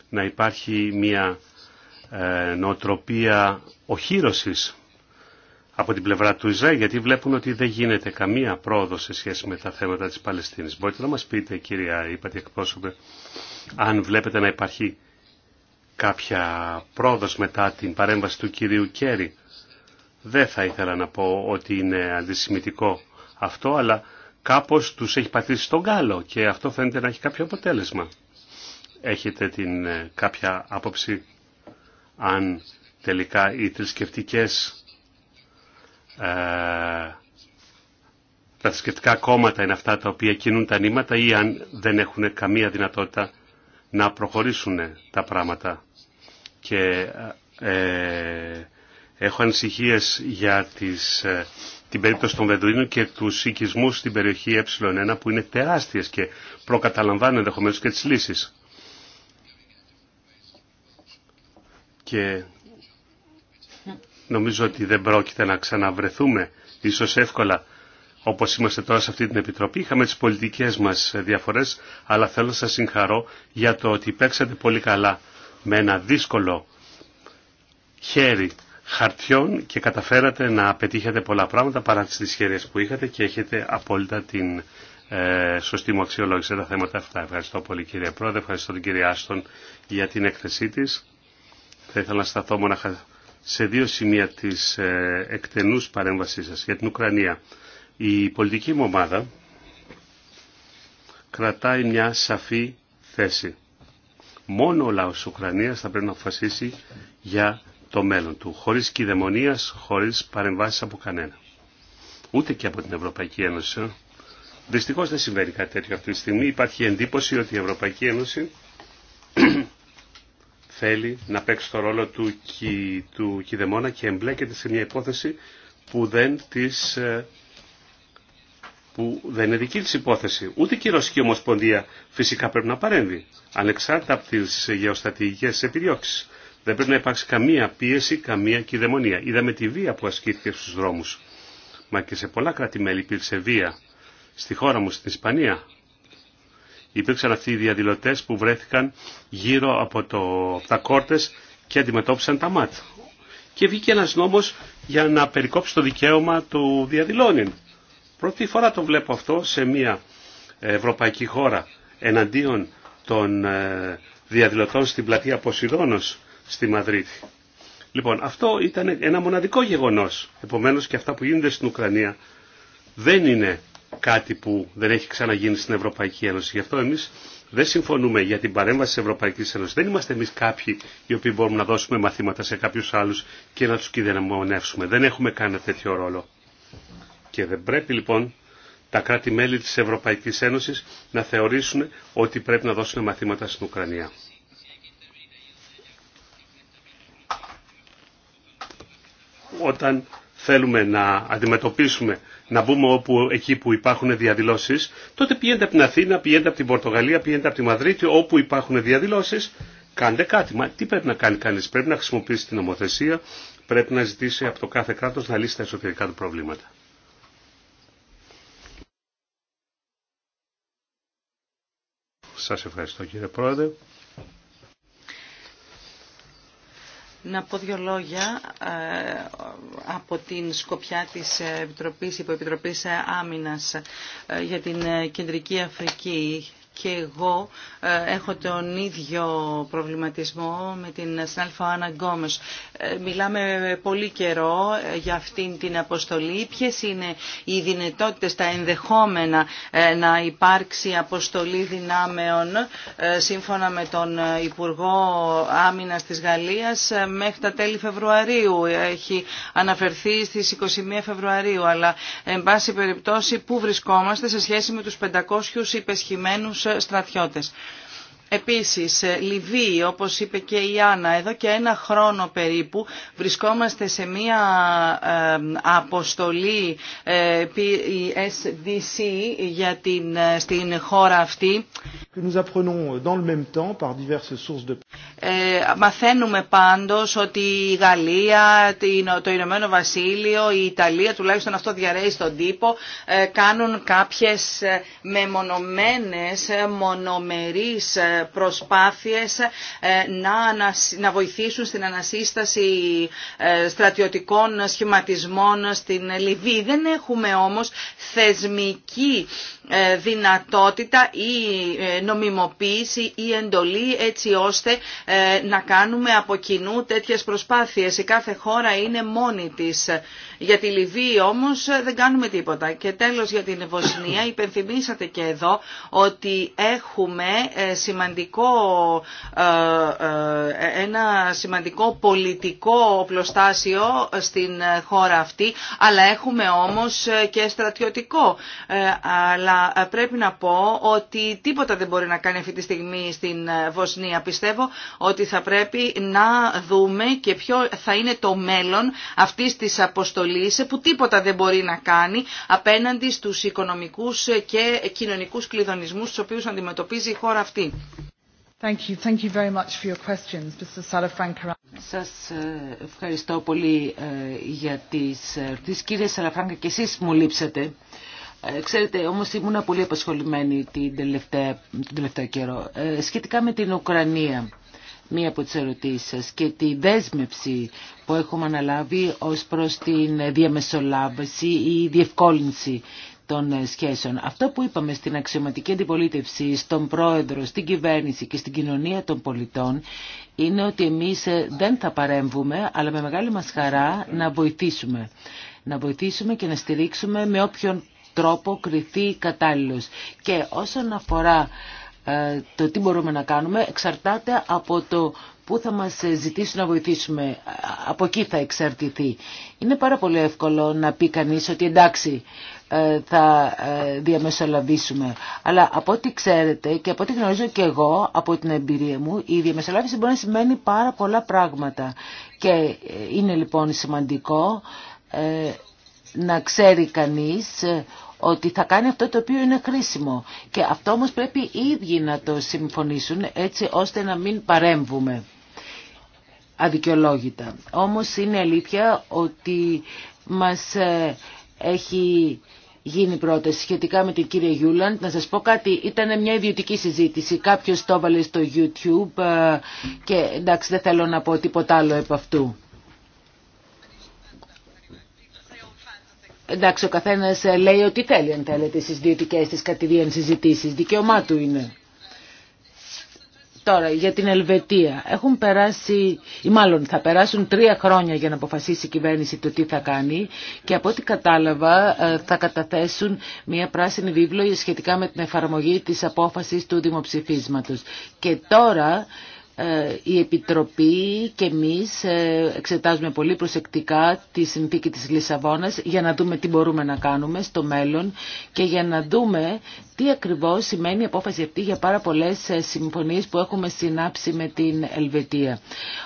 να υπάρχει μια ε, νοοτροπία οχύρωσης από την πλευρά του Ισραήλ, γιατί βλέπουν ότι δεν γίνεται καμία πρόοδο σε σχέση με τα θέματα της Παλαιστίνης. Μπορείτε να μας πείτε, κυρία Ήπατη εκπρόσωπε, αν βλέπετε να υπάρχει κάποια πρόοδο μετά την παρέμβαση του κυρίου Κέρι. Δεν θα ήθελα να πω ότι είναι αντισημητικό αυτό, αλλά κάπως τους έχει πατήσει στον κάλο και αυτό φαίνεται να έχει κάποιο αποτέλεσμα. Έχετε την ε, κάποια άποψη αν τελικά οι θρησκευτικέ ε, τα θρησκευτικά κόμματα είναι αυτά τα οποία κινούν τα νήματα ή αν δεν έχουν καμία δυνατότητα να προχωρήσουν τα πράγματα. Και ε, ε έχω ανησυχίες για τις ε, την περίπτωση των Βεντουίνων και του οικισμού στην περιοχή ε1 που είναι τεράστιες και προκαταλαμβάνουν ενδεχομένω και τις λύσεις. Και νομίζω ότι δεν πρόκειται να ξαναβρεθούμε ίσως εύκολα όπως είμαστε τώρα σε αυτή την Επιτροπή. Είχαμε τις πολιτικές μας διαφορές, αλλά θέλω να σας συγχαρώ για το ότι παίξατε πολύ καλά με ένα δύσκολο χέρι χαρτιών και καταφέρατε να πετύχετε πολλά πράγματα παρά τις δυσχέρειες που είχατε και έχετε απόλυτα την ε, σωστή μου αξιολόγηση τα θέματα αυτά. Ευχαριστώ πολύ κύριε Πρόεδρε, ευχαριστώ την κυρία Άστον για την έκθεσή της. Θα ήθελα να σταθώ μόνο σε δύο σημεία της ε, εκτενούς παρέμβασής σας για την Ουκρανία. Η πολιτική μου ομάδα κρατάει μια σαφή θέση. Μόνο ο λαός της Ουκρανίας θα πρέπει να αποφασίσει για το μέλλον του, χωρίς κυδαιμονίας, χωρίς παρεμβάσεις από κανένα. Ούτε και από την Ευρωπαϊκή Ένωση. Ε. Δυστυχώς δεν συμβαίνει κάτι τέτοιο αυτή τη στιγμή. Υπάρχει εντύπωση ότι η Ευρωπαϊκή Ένωση θέλει να παίξει το ρόλο του, κυδαιμόνα του κυδεμόνα και εμπλέκεται σε μια υπόθεση που δεν, της, ε, που δεν είναι δική της υπόθεση. Ούτε και η Ρωσική Ομοσπονδία φυσικά πρέπει να παρέμβει, ανεξάρτητα από τις γεωστατηγικές επιδιώξεις. Δεν πρέπει να υπάρξει καμία πίεση, καμία κυδαιμονία. Είδαμε τη βία που ασκήθηκε στους δρόμους. Μα και σε πολλά κράτη-μέλη υπήρξε βία. Στη χώρα μου, στην Ισπανία, υπήρξαν αυτοί οι διαδηλωτέ που βρέθηκαν γύρω από, το, τα κόρτες και αντιμετώπισαν τα ΜΑΤ. Και βγήκε ένας νόμος για να περικόψει το δικαίωμα του διαδηλώνει. Πρώτη φορά το βλέπω αυτό σε μια ευρωπαϊκή χώρα εναντίον των ε, διαδηλωτών στην πλατεία Ποσειδόνος στη Μαδρίτη. Λοιπόν, αυτό ήταν ένα μοναδικό γεγονός. Επομένως και αυτά που γίνονται στην Ουκρανία δεν είναι κάτι που δεν έχει ξαναγίνει στην Ευρωπαϊκή Ένωση. Γι' αυτό εμείς δεν συμφωνούμε για την παρέμβαση της Ευρωπαϊκής Ένωσης. Δεν είμαστε εμείς κάποιοι οι οποίοι μπορούμε να δώσουμε μαθήματα σε κάποιους άλλους και να τους κυδεμονεύσουμε. Δεν έχουμε κανένα τέτοιο ρόλο. Και δεν πρέπει λοιπόν τα κράτη-μέλη της Ευρωπαϊκής Ένωσης να θεωρήσουν ότι πρέπει να δώσουν μαθήματα στην Ουκρανία. όταν θέλουμε να αντιμετωπίσουμε, να μπούμε όπου, εκεί που υπάρχουν διαδηλώσει, τότε πηγαίνετε από την Αθήνα, πηγαίνετε από την Πορτογαλία, πηγαίνετε από τη Μαδρίτη, όπου υπάρχουν διαδηλώσει, κάντε κάτι. Μα τι πρέπει να κάνει κανεί, πρέπει να χρησιμοποιήσει την νομοθεσία, πρέπει να ζητήσει από το κάθε κράτο να λύσει τα εσωτερικά του προβλήματα. Σας ευχαριστώ κύριε Πρόεδρε. Να πω δύο λόγια ε, από την σκοπιά της Επιτροπής, Υποεπιτροπής Άμυνας ε, για την ε, Κεντρική Αφρική και εγώ ε, έχω τον ίδιο προβληματισμό με την συνάλφα Άννα Γκόμες. Ε, μιλάμε πολύ καιρό ε, για αυτήν την αποστολή. Ποιες είναι οι δυνατότητες, τα ενδεχόμενα να υπάρξει αποστολή δυνάμεων σύμφωνα με τον Υπουργό Άμυνα της Γαλλίας μέχρι τα τέλη Φεβρουαρίου. Έχει αναφερθεί στις 21 Φεβρουαρίου, αλλά εν πάση περιπτώσει πού βρισκόμαστε σε σχέση με τους 500 υπεσχημένους ε, στρατιώτες. Επίσης, ε, Λιβύη, όπως είπε και η Άννα, εδώ και ένα χρόνο περίπου βρισκόμαστε σε μία ε, αποστολή ε, e SDC για την, στην χώρα αυτή. Μαθαίνουμε πάντως ότι η Γαλλία, το Ηνωμένο Βασίλειο, η Ιταλία, τουλάχιστον αυτό διαρρέει στον τύπο, κάνουν κάποιες μεμονωμένες, μονομερείς προσπάθειες ε, να βοηθήσουν στην ανασύσταση ε, στρατιωτικών σχηματισμών στην Λιβύη. Δεν έχουμε όμως θεσμική ε, δυνατότητα ή νομιμοποίηση ή εντολή έτσι ώστε να κάνουμε από κοινού τέτοιες προσπάθειες. Η κάθε χώρα είναι μόνη της. Για τη Λιβύη όμως δεν κάνουμε τίποτα. Και τέλος για την Βοσνία υπενθυμίσατε και εδώ ότι έχουμε σημαντικό σημαντικό, ε, ε, ένα σημαντικό πολιτικό οπλοστάσιο στην χώρα αυτή, αλλά έχουμε όμως και στρατιωτικό. Ε, αλλά πρέπει να πω ότι τίποτα δεν μπορεί να κάνει αυτή τη στιγμή στην Βοσνία. Πιστεύω ότι θα πρέπει να δούμε και ποιο θα είναι το μέλλον αυτής της αποστολής που τίποτα δεν μπορεί να κάνει απέναντι στους οικονομικούς και κοινωνικούς κλειδονισμούς στους οποίους αντιμετωπίζει η χώρα αυτή. Σας ε, ευχαριστώ πολύ ε, για τις ερωτήσεις. Κύριε Σαλαφράγκα, και εσείς μου λείψατε. Ε, ξέρετε, όμως ήμουν πολύ απασχολημένη την τελευταία, τον τελευταίο καιρό. Σχετικά με την Ουκρανία, μία από τις ερωτήσεις σας και τη δέσμευση που έχουμε αναλάβει ως προς την διαμεσολάβηση ή διευκόλυνση των ε, σχέσεων. Αυτό που είπαμε στην αξιωματική αντιπολίτευση, στον πρόεδρο, στην κυβέρνηση και στην κοινωνία των πολιτών είναι ότι εμείς ε, δεν θα παρέμβουμε, αλλά με μεγάλη μας χαρά να βοηθήσουμε. Να βοηθήσουμε και να στηρίξουμε με όποιον τρόπο κριθεί κατάλληλος. Και όσον αφορά ε, το τι μπορούμε να κάνουμε εξαρτάται από το που θα μας ζητήσουν να βοηθήσουμε. Από εκεί θα εξαρτηθεί. Είναι πάρα πολύ εύκολο να πει κανείς ότι εντάξει ε, θα ε, διαμεσολαβήσουμε. Αλλά από ό,τι ξέρετε και από ό,τι γνωρίζω και εγώ από την εμπειρία μου, η διαμεσολάβηση μπορεί να σημαίνει πάρα πολλά πράγματα. Και ε, είναι λοιπόν σημαντικό να ξέρει κανείς ότι θα κάνει αυτό το οποίο είναι χρήσιμο. Και αυτό όμως πρέπει οι ίδιοι να το συμφωνήσουν έτσι ώστε να μην παρέμβουμε αδικαιολόγητα. Όμως είναι αλήθεια ότι μας έχει γίνει πρόταση σχετικά με την κύρια Γιούλαντ. Να σας πω κάτι, ήταν μια ιδιωτική συζήτηση. Κάποιος το έβαλε στο YouTube ε, και εντάξει δεν θέλω να πω τίποτα άλλο από αυτού. Εντάξει, ο καθένας ε, λέει ό,τι θέλει αν θέλετε στις ιδιωτικέ της κατηδίαν συζητήσεις. Δικαίωμά του είναι. Τώρα για την Ελβετία. Έχουν περάσει, ή μάλλον θα περάσουν τρία χρόνια για να αποφασίσει η κυβέρνηση το τι θα κάνει και από ό,τι κατάλαβα ε, θα καταθέσουν μια πράσινη βίβλο σχετικά με την εφαρμογή της απόφασης του δημοψηφίσματος. Και τώρα ε, η Επιτροπή και εμείς ε, εξετάζουμε πολύ προσεκτικά τη συνθήκη της Λισαβόνας για να δούμε τι μπορούμε να κάνουμε στο μέλλον και για να δούμε τι ακριβώς σημαίνει η απόφαση αυτή για πάρα πολλές ε, συμφωνίες που έχουμε συνάψει με την Ελβετία.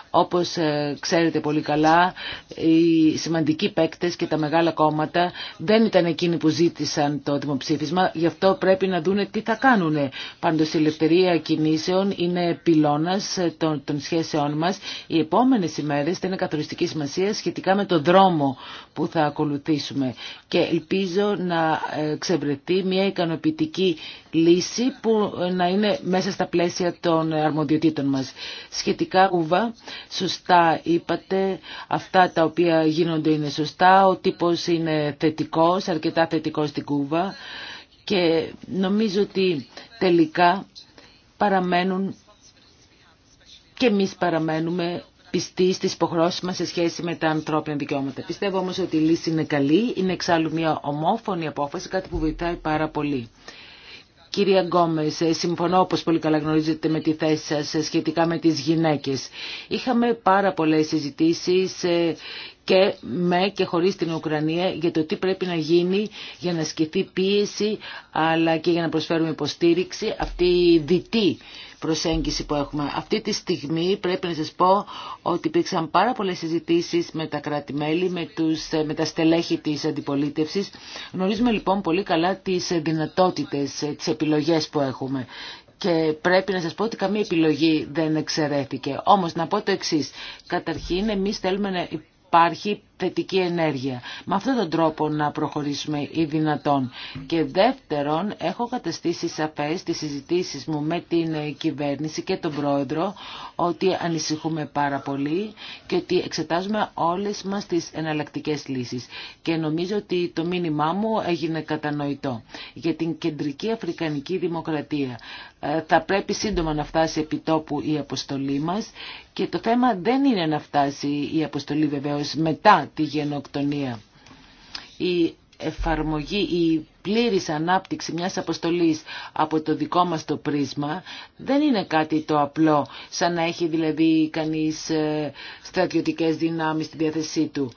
Όπως ξέρετε πολύ καλά, οι σημαντικοί παίκτες και τα μεγάλα κόμματα δεν ήταν εκείνοι που ζήτησαν το δημοψήφισμα, γι' αυτό πρέπει να δούνε τι θα κάνουν. Πάντως η ελευθερία κινήσεων είναι πυλώνας των, των σχέσεών μας, οι επόμενες ημέρες θα είναι καθοριστική σημασία σχετικά με τον δρόμο που θα ακολουθήσουμε. Και ελπίζω να ε, ξεβρεθεί μια ικανοποιητική λύση που ε, να είναι μέσα στα πλαίσια των αρμοδιοτήτων μας. Σχετικά, Ούβα, σωστά είπατε, αυτά τα οποία γίνονται είναι σωστά, ο τύπος είναι θετικός, αρκετά θετικός στην Κούβα και νομίζω ότι τελικά παραμένουν και εμείς παραμένουμε πιστοί στις υποχρώσεις μας σε σχέση με τα ανθρώπινα δικαιώματα. Πιστεύω όμως ότι η λύση είναι καλή, είναι εξάλλου μια ομόφωνη απόφαση, κάτι που βοηθάει πάρα πολύ. Κυρία Γκόμες, ε, συμφωνώ όπω πολύ καλά γνωρίζετε με τη θέση σας ε, σχετικά με τις γυναίκες. Είχαμε πάρα πολλέ συζητήσει ε, και με και χωρίς την Ουκρανία για το τι πρέπει να γίνει για να ασκηθεί πίεση αλλά και για να προσφέρουμε υποστήριξη αυτή η δυτή προσέγγιση που έχουμε. Αυτή τη στιγμή πρέπει να σας πω ότι υπήρξαν πάρα πολλές συζητήσεις με τα κρατη με, τους, τα στελέχη της αντιπολίτευσης. Γνωρίζουμε λοιπόν πολύ καλά τις δυνατότητες, ε, τις επιλογές που έχουμε. Και πρέπει να σας πω ότι καμία επιλογή δεν εξαιρέθηκε. Όμως να πω το εξής. Καταρχήν εμείς θέλουμε να υπάρχει θετική ενέργεια. Με αυτόν τον τρόπο να προχωρήσουμε ή δυνατόν. Και δεύτερον, έχω καταστήσει σαφές τις συζητήσεις μου με την ε, κυβέρνηση και τον πρόεδρο ότι ανησυχούμε πάρα πολύ και ότι εξετάζουμε όλες μας τις εναλλακτικές λύσεις. Και νομίζω ότι το μήνυμά μου έγινε κατανοητό. Για την κεντρική Αφρικανική Δημοκρατία ε, θα πρέπει σύντομα να φτάσει τόπου η αποστολή μας και το θέμα δεν είναι να φτάσει η αποστολή βεβαίως μετά τη γενοκτονία. Η εφαρμογή, η πλήρης ανάπτυξη μιας αποστολής από το δικό μας το πρίσμα δεν είναι κάτι το απλό, σαν να έχει δηλαδή κανείς ε, στρατιωτικές δυνάμεις στη διάθεσή του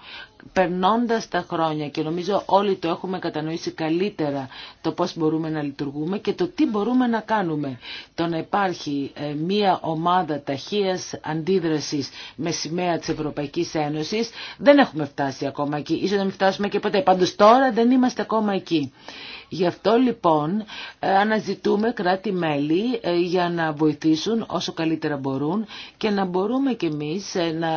περνώντας τα χρόνια και νομίζω όλοι το έχουμε κατανοήσει καλύτερα το πώς μπορούμε να λειτουργούμε και το τι μπορούμε να κάνουμε. Το να υπάρχει ε, μία ομάδα ταχείας αντίδρασης με σημαία της Ευρωπαϊκής Ένωσης δεν έχουμε φτάσει ακόμα εκεί. Ίσως να μην φτάσουμε και ποτέ. Πάντως τώρα δεν είμαστε ακόμα εκεί. Γι' αυτό λοιπόν ε, αναζητούμε κράτη-μέλη ε, για να βοηθήσουν όσο καλύτερα μπορούν και να μπορούμε κι εμείς ε, να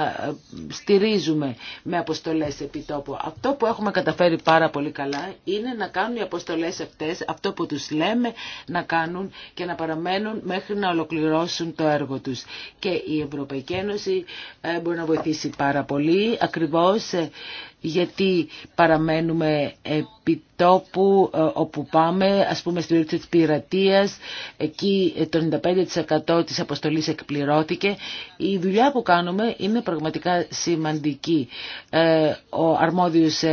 στηρίζουμε με αποστολές επιτόπου. Αυτό που έχουμε καταφέρει πάρα πολύ καλά είναι να κάνουν οι αποστολές αυτές αυτό που τους λέμε να κάνουν και να παραμένουν μέχρι να ολοκληρώσουν το έργο τους. Και η Ευρωπαϊκή Ένωση μπορεί να βοηθήσει πάρα πολύ ακριβώς γιατί παραμένουμε επί τόπου ε, όπου πάμε, ας πούμε στην περίπτωση της πειρατείας, εκεί ε, το 95% της αποστολής εκπληρώθηκε. Η δουλειά που κάνουμε είναι πραγματικά σημαντική. Ε, ο αρμόδιος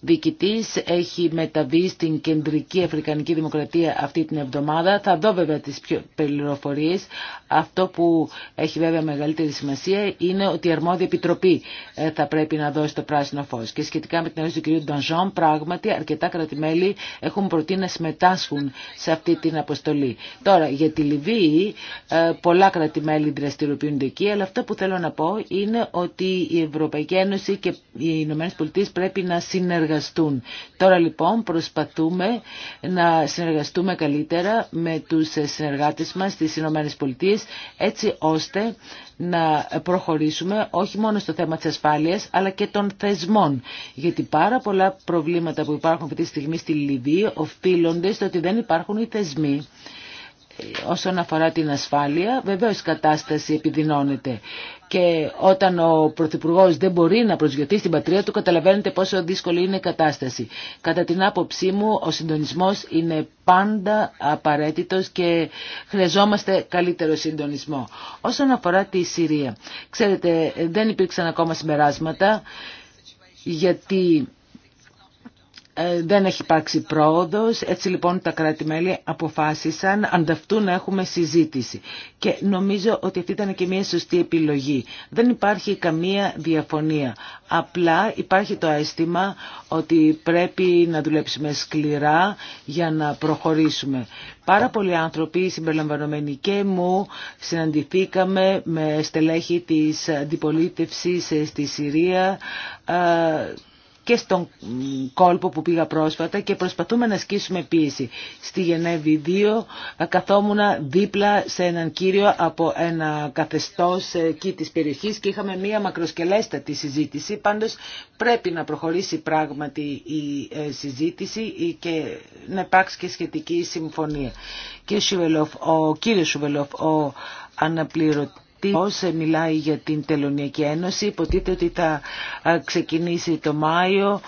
διοικητής έχει μεταβεί στην Κεντρική Αφρικανική Δημοκρατία αυτή την εβδομάδα. Θα δω βέβαια τις πληροφορίες. Αυτό που έχει βέβαια μεγαλύτερη σημασία είναι ότι η αρμόδια επιτροπή ε, θα πρέπει να δώσει το πράσινο φως. Και σχετικά με την ερώτηση του κ. Ντανζόν, πράγματι αρκετά κρατημέλη έχουν προτείνει να συμμετάσχουν σε αυτή την αποστολή. Τώρα, για τη Λιβύη, ε, πολλά κρατημέλη δραστηριοποιούνται εκεί, αλλά αυτό που θέλω να πω είναι ότι η Ευρωπαϊκή Ένωση και οι ΗΠΑ πρέπει να συνεργαστούν Τώρα λοιπόν προσπαθούμε να συνεργαστούμε καλύτερα με τους συνεργάτες μας στις Ηνωμένες Πολιτείες έτσι ώστε να προχωρήσουμε όχι μόνο στο θέμα της ασφάλειας αλλά και των θεσμών. Γιατί πάρα πολλά προβλήματα που υπάρχουν αυτή τη στιγμή στη Λιβύη οφείλονται στο ότι δεν υπάρχουν οι θεσμοί όσον αφορά την ασφάλεια, βεβαίως η κατάσταση επιδεινώνεται. Και όταν ο Πρωθυπουργό δεν μπορεί να προσγειωθεί στην πατρίδα του, καταλαβαίνετε πόσο δύσκολη είναι η κατάσταση. Κατά την άποψή μου, ο συντονισμό είναι πάντα απαραίτητο και χρειαζόμαστε καλύτερο συντονισμό. Όσον αφορά τη Συρία, ξέρετε, δεν υπήρξαν ακόμα συμπεράσματα γιατί ε, δεν έχει υπάρξει πρόοδος, έτσι λοιπόν τα κράτη-μέλη αποφάσισαν ανταυτού να έχουμε συζήτηση. Και νομίζω ότι αυτή ήταν και μια σωστή επιλογή. Δεν υπάρχει καμία διαφωνία. Απλά υπάρχει το αίσθημα ότι πρέπει να δουλέψουμε σκληρά για να προχωρήσουμε. Πάρα πολλοί άνθρωποι, συμπεριλαμβανομένοι και μου, συναντηθήκαμε με στελέχη της αντιπολίτευσης ε, στη Συρία, ε, και στον κόλπο που πήγα πρόσφατα και προσπαθούμε να ασκήσουμε πίεση. Στη Γενέβη 2 ε, καθόμουνα δίπλα σε έναν κύριο από ένα καθεστώς ε, εκεί της περιοχής και είχαμε μία μακροσκελέστατη συζήτηση. Πάντως πρέπει να προχωρήσει πράγματι η ε, συζήτηση και να υπάρξει και σχετική συμφωνία. Κύριε Σουβελόφ, ο κύριος Σουβελόφ, ο αναπληρωτής Όσο μιλάει για την Τελωνιακή Ένωση, υποτίθεται ότι θα ε, ξεκινήσει το Μάιο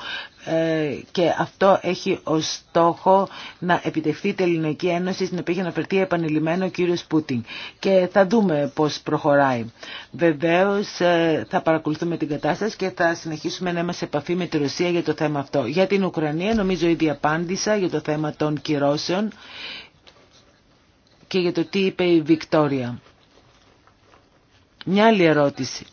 ε, και αυτό έχει ως στόχο να επιτευχθεί η Τελωνιακή Ένωση στην οποία έχει αναφερθεί επανειλημμένο ο κύριος Πούτιν και θα δούμε πώς προχωράει. Βεβαίως ε, θα παρακολουθούμε την κατάσταση και θα συνεχίσουμε να είμαστε σε επαφή με τη Ρωσία για το θέμα αυτό. Για την Ουκρανία νομίζω ήδη απάντησα για το θέμα των κυρώσεων και για το τι είπε η Βικτόρια. Μια άλλη ερώτηση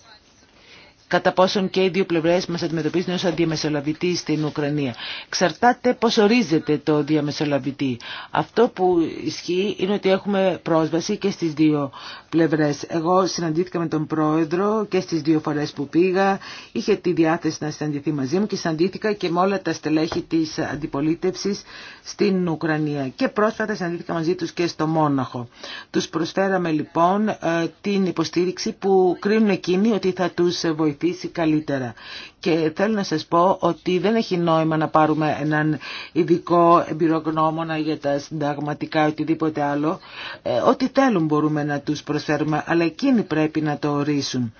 κατά πόσον και οι δύο πλευρές μας αντιμετωπίζουν ως διαμεσολαβητή στην Ουκρανία. Ξαρτάται πώς ορίζεται το διαμεσολαβητή. Αυτό που ισχύει είναι ότι έχουμε πρόσβαση και στις δύο πλευρές. Εγώ συναντήθηκα με τον πρόεδρο και στις δύο φορές που πήγα. Είχε τη διάθεση να συναντηθεί μαζί μου και συναντήθηκα και με όλα τα στελέχη της αντιπολίτευσης στην Ουκρανία. Και πρόσφατα συναντήθηκα μαζί τους και στο Μόναχο. Τους προσφέραμε λοιπόν ε, την υποστήριξη που κρίνουν εκείνοι ότι θα τους βοηθήσουν βοηθήσει καλύτερα. Και θέλω να σας πω ότι δεν έχει νόημα να πάρουμε έναν ειδικό εμπειρογνώμονα για τα συνταγματικά οτιδήποτε άλλο. Ε, ό,τι θέλουν μπορούμε να τους προσφέρουμε, αλλά εκείνοι πρέπει να το ορίσουν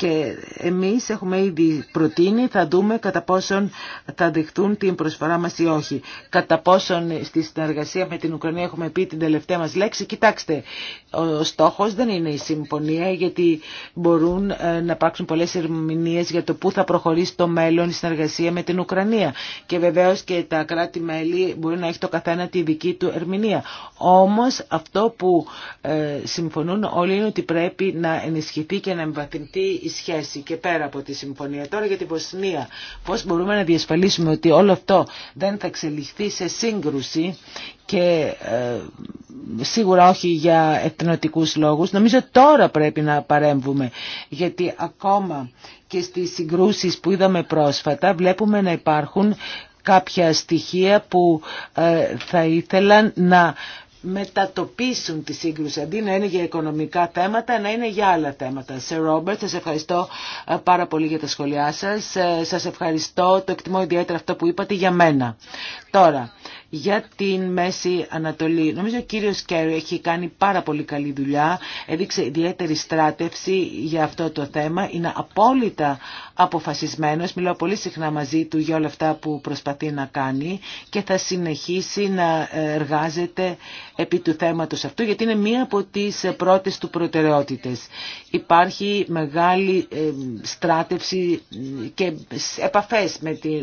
και εμείς έχουμε ήδη προτείνει, θα δούμε κατά πόσον θα δεχτούν την προσφορά μας ή όχι. Κατά πόσον στη συνεργασία με την Ουκρανία έχουμε πει την τελευταία μας λέξη, κοιτάξτε, ο στόχος δεν είναι η συμφωνία γιατί μπορούν ε, να υπάρξουν πολλές ερμηνείες για το πού θα προχωρήσει το μέλλον η συνεργασία με την Ουκρανία. Και βεβαίως και τα κράτη-μέλη μπορεί να έχει το καθένα τη δική του ερμηνεία. Όμως αυτό που ε, συμφωνούν όλοι είναι ότι πρέπει να ενισχυθεί και να εμβαθυνθεί η σχέση και πέρα από τη συμφωνία. Τώρα για την Βοσνία, πώς μπορούμε να διασφαλίσουμε ότι όλο αυτό δεν θα εξελιχθεί σε σύγκρουση και ε, σίγουρα όχι για εθνοτικούς λόγους. Νομίζω τώρα πρέπει να παρέμβουμε, γιατί ακόμα και στις συγκρούσεις που είδαμε πρόσφατα βλέπουμε να υπάρχουν κάποια στοιχεία που ε, θα ήθελαν να μετατοπίσουν τη σύγκρουση αντί να είναι για οικονομικά θέματα να είναι για άλλα θέματα. Σε Ρόμπερτ σας ευχαριστώ ε, πάρα πολύ για τα σχόλιά σας ε, σας ευχαριστώ, το εκτιμώ ιδιαίτερα αυτό που είπατε για μένα. Τώρα, για την Μέση Ανατολή. Νομίζω ο κύριος Κέρι έχει κάνει πάρα πολύ καλή δουλειά, έδειξε ιδιαίτερη στράτευση για αυτό το θέμα, είναι απόλυτα αποφασισμένος, μιλάω πολύ συχνά μαζί του για όλα αυτά που προσπαθεί να κάνει και θα συνεχίσει να εργάζεται επί του θέματος αυτού, γιατί είναι μία από τις πρώτες του προτεραιότητες. Υπάρχει μεγάλη ε, στράτευση ε, και επαφές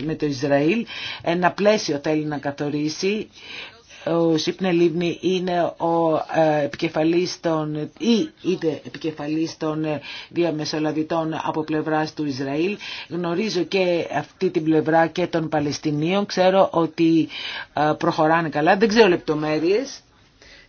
με το Ισραήλ, ένα πλαίσιο θέλει να καθορίσει ο Σύπνε Λίβνη είναι ο ε, επικεφαλής των, ή επικεφαλής των ε, διαμεσολαβητών από πλευράς του Ισραήλ. Γνωρίζω και αυτή την πλευρά και των Παλαιστινίων. Ξέρω ότι ε, προχωράνε καλά. Δεν ξέρω λεπτομέρειες.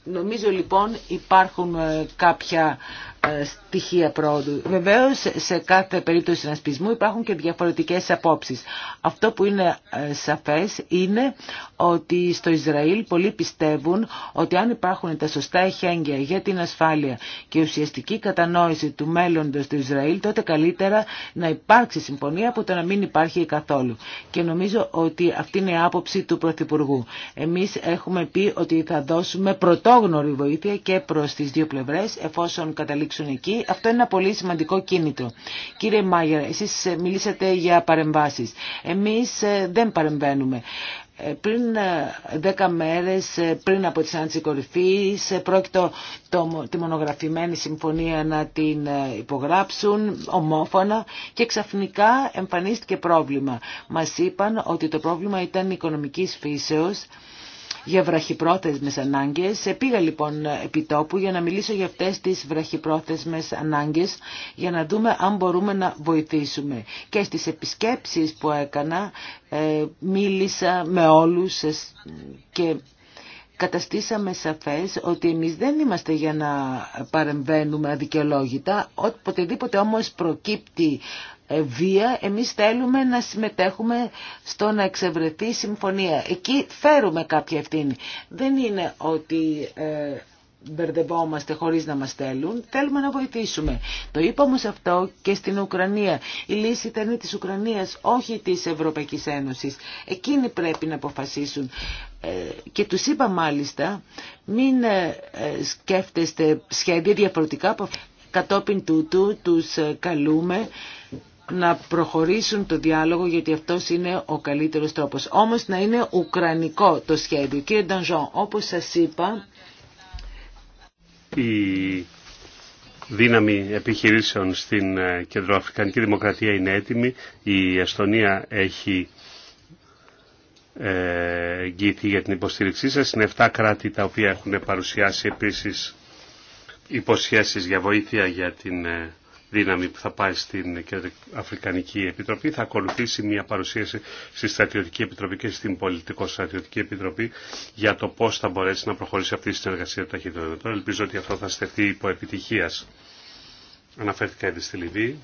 Νομίζω λοιπόν υπάρχουν κάποια ε, στοιχεία πρόοδου. Βεβαίως σε κάθε περίπτωση συνασπισμού υπάρχουν και διαφορετικές απόψεις. Αυτό που είναι ε, σαφές είναι ότι στο Ισραήλ πολλοί πιστεύουν ότι αν υπάρχουν τα σωστά εχέγγυα για την ασφάλεια και ουσιαστική κατανόηση του μέλλοντος του Ισραήλ τότε καλύτερα να υπάρξει συμφωνία από το να μην υπάρχει καθόλου. Και νομίζω ότι αυτή είναι η άποψη του Πρωθυπουργού. Εμείς έχουμε πει ότι θα δώσουμε πρωτόγνωρη βοήθεια και προς τις δύο πλευρές εφόσον καταλήξουμε αυτό είναι ένα πολύ σημαντικό κίνητρο. Κύριε Μάγερ, εσείς ε, μιλήσατε για παρεμβάσεις. Εμείς ε, δεν παρεμβαίνουμε. Ε, πριν δέκα μέρες, πριν από τη συνάντηση κορυφής, πρόκειτο το, τη μονογραφημένη συμφωνία να την υπογράψουν ομόφωνα και ξαφνικά εμφανίστηκε πρόβλημα. Μας είπαν ότι το πρόβλημα ήταν οικονομικής φύσεως για βραχυπρόθεσμες ανάγκες. Πήγα λοιπόν επιτόπου για να μιλήσω για αυτές τις βραχυπρόθεσμες ανάγκες για να δούμε αν μπορούμε να βοηθήσουμε. Και στις επισκέψεις που έκανα ε, μίλησα με όλους και καταστήσαμε σαφές ότι εμείς δεν είμαστε για να παρεμβαίνουμε αδικαιολόγητα, οποτεδήποτε όμως προκύπτει ε, βία, εμείς θέλουμε να συμμετέχουμε στο να εξευρεθεί συμφωνία. Εκεί φέρουμε κάποια ευθύνη. Δεν είναι ότι ε, μπερδευόμαστε χωρίς να μας θέλουν, θέλουμε να βοηθήσουμε. Το είπα όμως αυτό και στην Ουκρανία. Η λύση ήταν της Ουκρανίας, όχι της Ευρωπαϊκής Ένωσης. Εκείνοι πρέπει να αποφασίσουν. Ε, και τους είπα μάλιστα, μην σκέφτεστε σχέδια διαφορετικά κατόπιν τούτου τους καλούμε να προχωρήσουν το διάλογο γιατί αυτός είναι ο καλύτερος τρόπος. Όμως να είναι ουκρανικό το σχέδιο. Κύριε Ντανζόν, όπως σας είπα... Η δύναμη επιχειρήσεων στην ε, Κεντροαφρικανική Δημοκρατία είναι έτοιμη. Η Εστονία έχει ε, εγγύηθει για την υποστήριξή σας. Είναι 7 κράτη τα οποία έχουν παρουσιάσει επίσης υποσχέσεις για βοήθεια για την ε, δύναμη που θα πάει στην Αφρικανική Επιτροπή. Θα ακολουθήσει μια παρουσίαση στη Στρατιωτική Επιτροπή και στην Πολιτικό Στρατιωτική Επιτροπή για το πώς θα μπορέσει να προχωρήσει αυτή η συνεργασία των ταχυδρομητών. Ελπίζω ότι αυτό θα στεφτεί υπό επιτυχίας. Αναφέρθηκα ήδη στη Λιβύη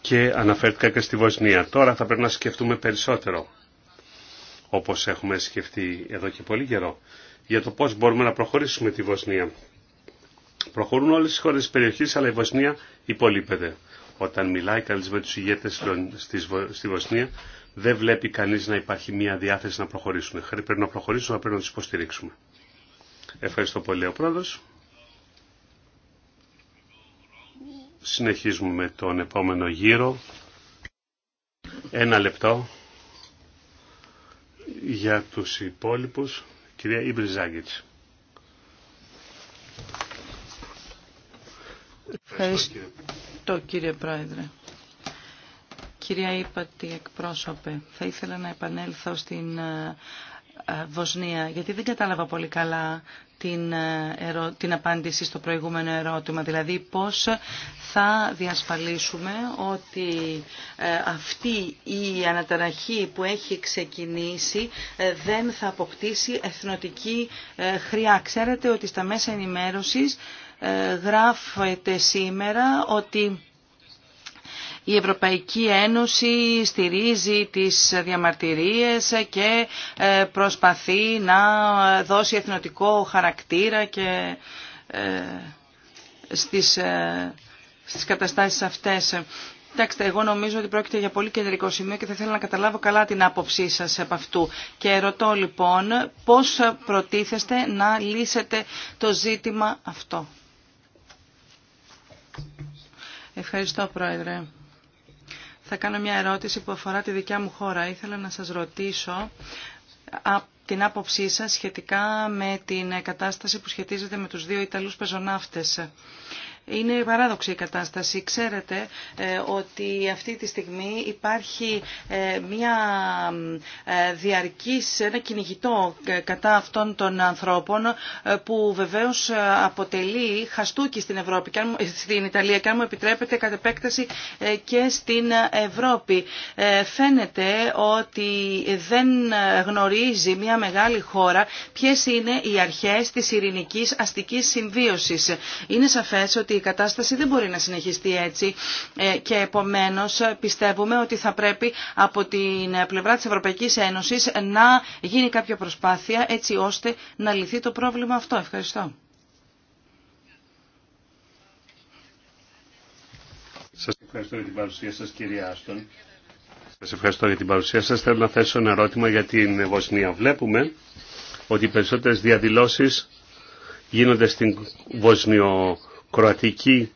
και αναφέρθηκα και στη Βοσνία. Τώρα θα πρέπει να σκεφτούμε περισσότερο, όπως έχουμε σκεφτεί εδώ και πολύ καιρό, για το πώς μπορούμε να προχωρήσουμε τη Βοσνία. Προχωρούν όλε οι χώρε της περιοχή, αλλά η Βοσνία υπολείπεται. Όταν μιλάει κανεί με του ηγέτε στη Βοσνία, δεν βλέπει κανείς να υπάρχει μια διάθεση να προχωρήσουν. Πρέπει να προχωρήσουμε, πρέπει να του υποστηρίξουμε. Ευχαριστώ πολύ ο πρόεδρος. Συνεχίζουμε με τον επόμενο γύρο. Ένα λεπτό για τους υπόλοιπους. Κυρία Ιμπριζάγκητς. Ευχαριστώ κύριε Πρόεδρε. Κυρία Ήπατη εκπρόσωπε, θα ήθελα να επανέλθω στην ε, ε, Βοσνία, γιατί δεν κατάλαβα πολύ καλά την, ε, την απάντηση στο προηγούμενο ερώτημα, δηλαδή πώς θα διασφαλίσουμε ότι αυτή η αναταραχή που έχει ξεκινήσει δεν θα αποκτήσει εθνοτική χρειά. Ξέρετε ότι στα μέσα ενημέρωσης ε, γράφεται σήμερα ότι η Ευρωπαϊκή Ένωση στηρίζει τις διαμαρτυρίες και ε, προσπαθεί να δώσει εθνοτικό χαρακτήρα και ε, στις, στις καταστάσεις αυτές. Κοιτάξτε, εγώ νομίζω ότι πρόκειται για πολύ κεντρικό σημείο και θα ήθελα να καταλάβω καλά την άποψή σας από αυτού. Και ρωτώ λοιπόν πώς προτίθεστε να λύσετε το ζήτημα αυτό. Ευχαριστώ, Πρόεδρε. Θα κάνω μια ερώτηση που αφορά τη δικιά μου χώρα. Ήθελα να σας ρωτήσω την άποψή σας σχετικά με την κατάσταση που σχετίζεται με τους δύο Ιταλούς πεζοναύτες. Είναι παράδοξη η κατάσταση. Ξέρετε ε, ότι αυτή τη στιγμή υπάρχει ε, μια ε, διαρκής, ένα κυνηγητό κατά αυτών των ανθρώπων που βεβαίως αποτελεί χαστούκι στην, Ευρώπη, στην Ιταλία και αν μου επιτρέπετε κατ' επέκταση και στην Ευρώπη. Φαίνεται ότι δεν γνωρίζει μια μεγάλη χώρα ποιες είναι οι αρχές της ειρηνικής αστικής συμβίωσης. Είναι σαφές ότι η κατάσταση δεν μπορεί να συνεχιστεί έτσι ε, και επομένως ε, πιστεύουμε ότι θα πρέπει από την πλευρά της Ευρωπαϊκής Ένωσης να γίνει κάποια προσπάθεια έτσι ώστε να λυθεί το πρόβλημα αυτό. Ευχαριστώ. Σας ευχαριστώ για την παρουσία σας κυρία Άστον. Σας ευχαριστώ για την παρουσία σας. Θέλω να θέσω ένα ερώτημα για την Βοσνία. Βλέπουμε ότι οι περισσότερες διαδηλώσεις γίνονται στην Βοσνιο Κροατική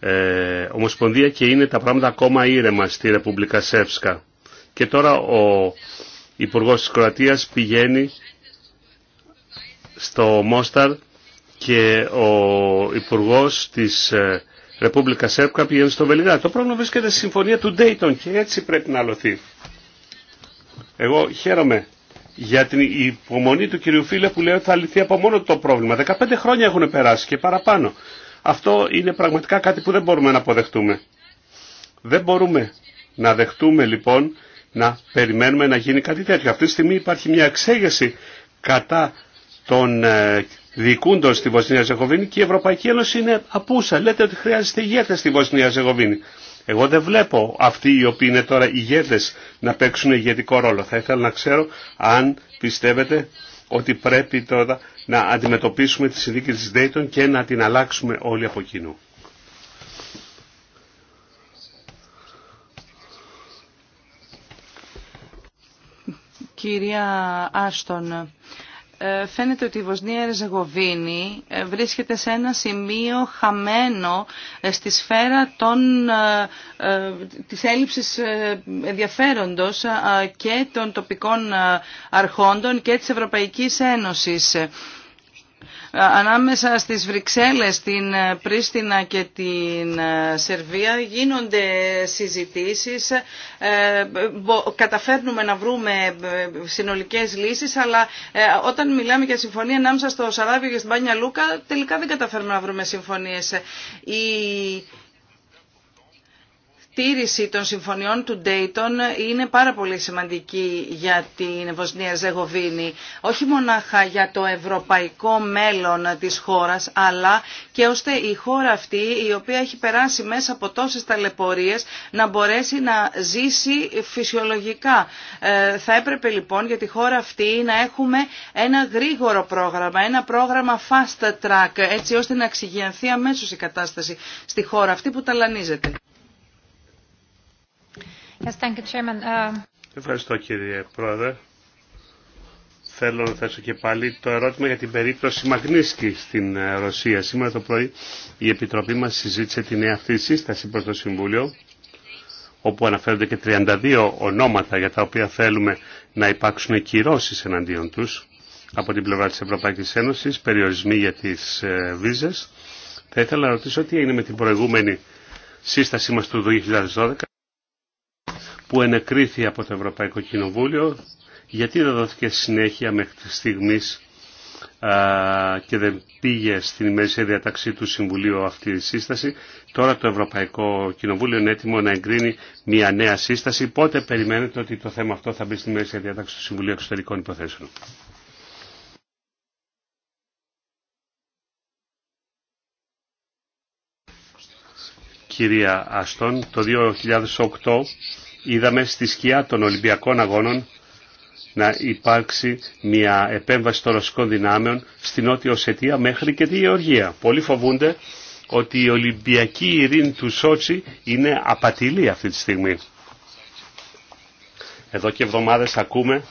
ε, Ομοσπονδία και είναι τα πράγματα ακόμα ήρεμα στη Ρεπουμπλικά Σεύσκα. Και τώρα ο υπουργό της Κροατίας πηγαίνει στο Μόσταρ και ο υπουργό της ε, Ρεπούμπλικα Σέρπκα πηγαίνει στο Βελιδά. Το πρόβλημα βρίσκεται στη συμφωνία του Ντέιτον και έτσι πρέπει να αλωθεί. Εγώ χαίρομαι για την υπομονή του κυρίου Φίλε που λέει ότι θα λυθεί από μόνο το πρόβλημα. 15 χρόνια έχουν περάσει και παραπάνω. Αυτό είναι πραγματικά κάτι που δεν μπορούμε να αποδεχτούμε. Δεν μπορούμε να δεχτούμε λοιπόν να περιμένουμε να γίνει κάτι τέτοιο. Αυτή τη στιγμή υπάρχει μια εξέγεση κατά των ε, διοικούντων στη Βοσνία Ζεγοβίνη και η Ευρωπαϊκή Ένωση είναι απούσα. Λέτε ότι χρειάζεται ηγέτε στη Βοσνία Ζεγοβίνη. Εγώ δεν βλέπω αυτοί οι οποίοι είναι τώρα ηγέτε να παίξουν ηγετικό ρόλο. Θα ήθελα να ξέρω αν πιστεύετε ότι πρέπει τώρα να αντιμετωπίσουμε τη συνδίκη της Dayton και να την αλλάξουμε όλοι από κοινού. Κυρία Άστον, ε, φαίνεται ότι η Βοσνία Ερζεγοβίνη ε, βρίσκεται σε ένα σημείο χαμένο ε, στη σφαίρα των, της έλλειψης ενδιαφέροντος και των τοπικών αρχόντων και της Ευρωπαϊκής Ένωσης. Ε, ανάμεσα στις Βρυξέλλες, την ε, Πρίστινα και την ε, Σερβία γίνονται συζητήσεις, καταφέρνουμε να βρούμε συνολικές λύσεις, αλλά όταν μιλάμε για συμφωνία ανάμεσα στο Σαράβιο και στην Πάνια Λούκα, τελικά δεν καταφέρνουμε να βρούμε συμφωνίες τήρηση των συμφωνιών του Ντέιτον είναι πάρα πολύ σημαντική για την Βοσνία Ζεγοβίνη. Όχι μονάχα για το ευρωπαϊκό μέλλον της χώρας, αλλά και ώστε η χώρα αυτή η οποία έχει περάσει μέσα από τόσες ταλαιπωρίες να μπορέσει να ζήσει φυσιολογικά. Ε, θα έπρεπε λοιπόν για τη χώρα αυτή να έχουμε ένα γρήγορο πρόγραμμα, ένα πρόγραμμα fast track, έτσι ώστε να εξηγιανθεί αμέσως η κατάσταση στη χώρα αυτή που ταλανίζεται. Uh, Ευχαριστώ κύριε Πρόεδρε. Θέλω να θέσω και πάλι το ερώτημα για την περίπτωση Μαγνίσκη στην ε, Ρωσία. Σήμερα το πρωί η Επιτροπή μας συζήτησε τη νέα αυτή σύσταση προς το Συμβούλιο όπου αναφέρονται και 32 ονόματα για τα οποία θέλουμε να υπάρξουν κυρώσεις εναντίον τους από την πλευρά της Ευρωπαϊκής Ένωσης, περιορισμοί για τις ε, βίζες. Θα ήθελα να ρωτήσω τι έγινε με την προηγούμενη σύστασή μας του 2012 που ενεκρίθη από το Ευρωπαϊκό Κοινοβούλιο, γιατί δεν δόθηκε συνέχεια μέχρι τη στιγμή και δεν πήγε στην μέση διαταξή του Συμβουλίου αυτή η σύσταση. Τώρα το Ευρωπαϊκό Κοινοβούλιο είναι έτοιμο να εγκρίνει μια νέα σύσταση. Πότε περιμένετε ότι το θέμα αυτό θα μπει στην μέση διαταξή του Συμβουλίου Εξωτερικών Υποθέσεων. Κυρία Αστόν, το 2008 είδαμε στη σκιά των Ολυμπιακών Αγώνων να υπάρξει μια επέμβαση των ρωσικών δυνάμεων στην Νότια Οσετία μέχρι και τη Γεωργία. Πολλοί φοβούνται ότι η Ολυμπιακή ειρήνη του Σότσι είναι απατηλή αυτή τη στιγμή. Εδώ και εβδομάδες ακούμε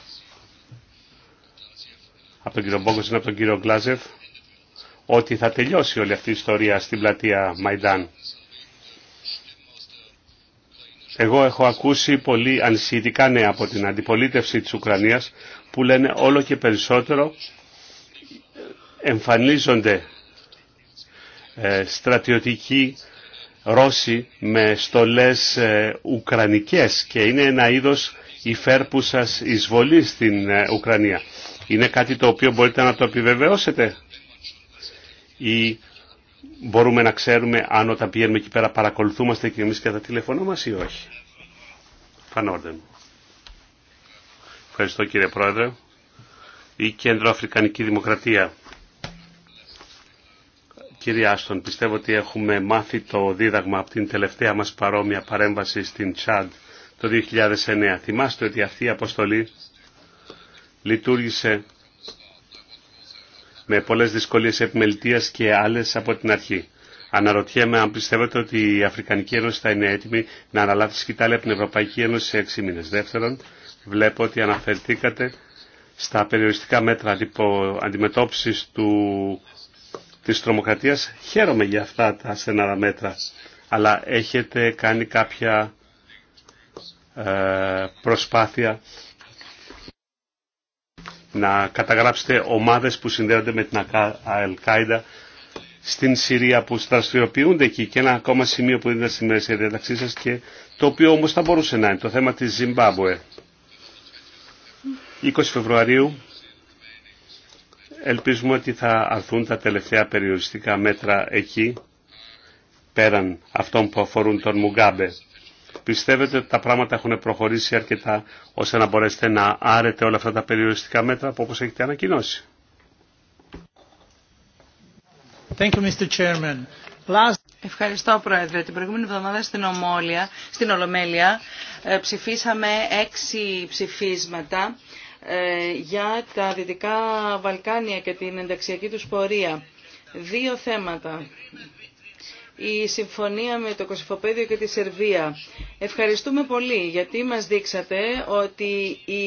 από τον κύριο Μπόγκος και από τον κύριο Γκλάζεφ ότι θα τελειώσει όλη αυτή η ιστορία στην πλατεία Μαϊντάν. Εγώ έχω ακούσει πολύ ανησυχητικά νέα από την αντιπολίτευση της Ουκρανίας που λένε όλο και περισσότερο εμφανίζονται ε, στρατιωτικοί Ρώσοι με στολές ε, ουκρανικές και είναι ένα είδος υφέρπουσας εισβολή στην ε, Ουκρανία. Είναι κάτι το οποίο μπορείτε να το επιβεβαιώσετε μπορούμε να ξέρουμε αν όταν πηγαίνουμε εκεί πέρα παρακολουθούμαστε και εμείς και τα τηλέφωνά μας ή όχι. Φανόρντεν. Ευχαριστώ κύριε Πρόεδρε. Η Κέντρο Αφρικανική Δημοκρατία. Κύριε Άστον, πιστεύω ότι έχουμε μάθει το δίδαγμα από την τελευταία μας παρόμοια παρέμβαση στην Τσάντ το 2009. Θυμάστε ότι αυτή η αποστολή λειτουργήσε με πολλές δυσκολίες επιμελητίας και άλλες από την αρχή. Αναρωτιέμαι αν πιστεύετε ότι η Αφρικανική Ένωση θα είναι έτοιμη να αναλάβει σκητάλη από την Ευρωπαϊκή Ένωση σε έξι μήνες. Δεύτερον, βλέπω ότι αναφερθήκατε στα περιοριστικά μέτρα αντιμετώπισης του, της τρομοκρατίας. Χαίρομαι για αυτά τα στενάρα μέτρα, αλλά έχετε κάνει κάποια ε, προσπάθεια να καταγράψετε ομάδες που συνδέονται με την Αλκάιντα στην Συρία που στραστηριοποιούνται εκεί και ένα ακόμα σημείο που είναι στην μέση διαταξή σας και το οποίο όμως θα μπορούσε να είναι το θέμα της Ζιμπάμπουε. 20 Φεβρουαρίου ελπίζουμε ότι θα αρθούν τα τελευταία περιοριστικά μέτρα εκεί πέραν αυτών που αφορούν τον Μουγκάμπε. Πιστεύετε ότι τα πράγματα έχουν προχωρήσει αρκετά ώστε να μπορέσετε να άρετε όλα αυτά τα περιοριστικά μέτρα που όπως έχετε ανακοινώσει. Thank you, Mr. Chairman. Last... Ευχαριστώ Πρόεδρε. Την προηγούμενη εβδομάδα στην, Ομόλια, στην Ολομέλεια ε, ψηφίσαμε έξι ψηφίσματα ε, για τα Δυτικά Βαλκάνια και την ενταξιακή τους πορεία. Δύο θέματα η συμφωνία με το Κωσυφοπαίδιο και τη Σερβία. Ευχαριστούμε πολύ γιατί μας δείξατε ότι η,